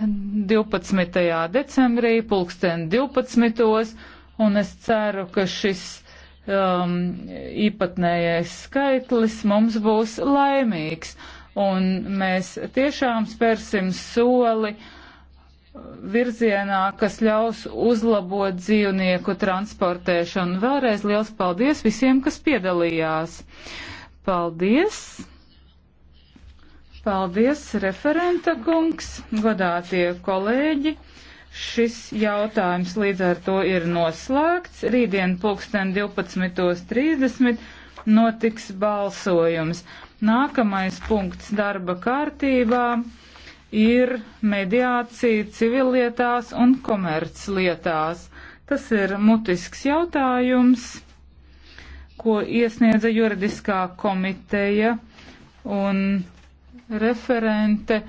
12. decembrī, pulksten 12. un es ceru, ka šis um, īpatnējais skaitlis mums būs laimīgs un mēs tiešām spērsim soli virzienā, kas ļaus uzlabot dzīvnieku transportēšanu. Vēlreiz liels paldies visiem, kas piedalījās. Paldies! Paldies, referenta kungs, godātie kolēģi! Šis jautājums līdz ar to ir noslēgts. Rītdien pulksten 12.30 notiks balsojums. Nākamais punkts darba kārtībā ir mediācija civillietās un komerclietās. Tas ir mutisks jautājums, ko iesniedza juridiskā komiteja un referente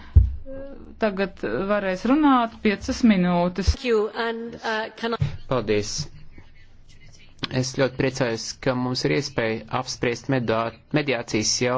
tagad varēs runāt piecas minūtes. Uh, Paldies. Es ļoti priecājos, ka mums ir iespēja apspriest mediācijas jautājumu.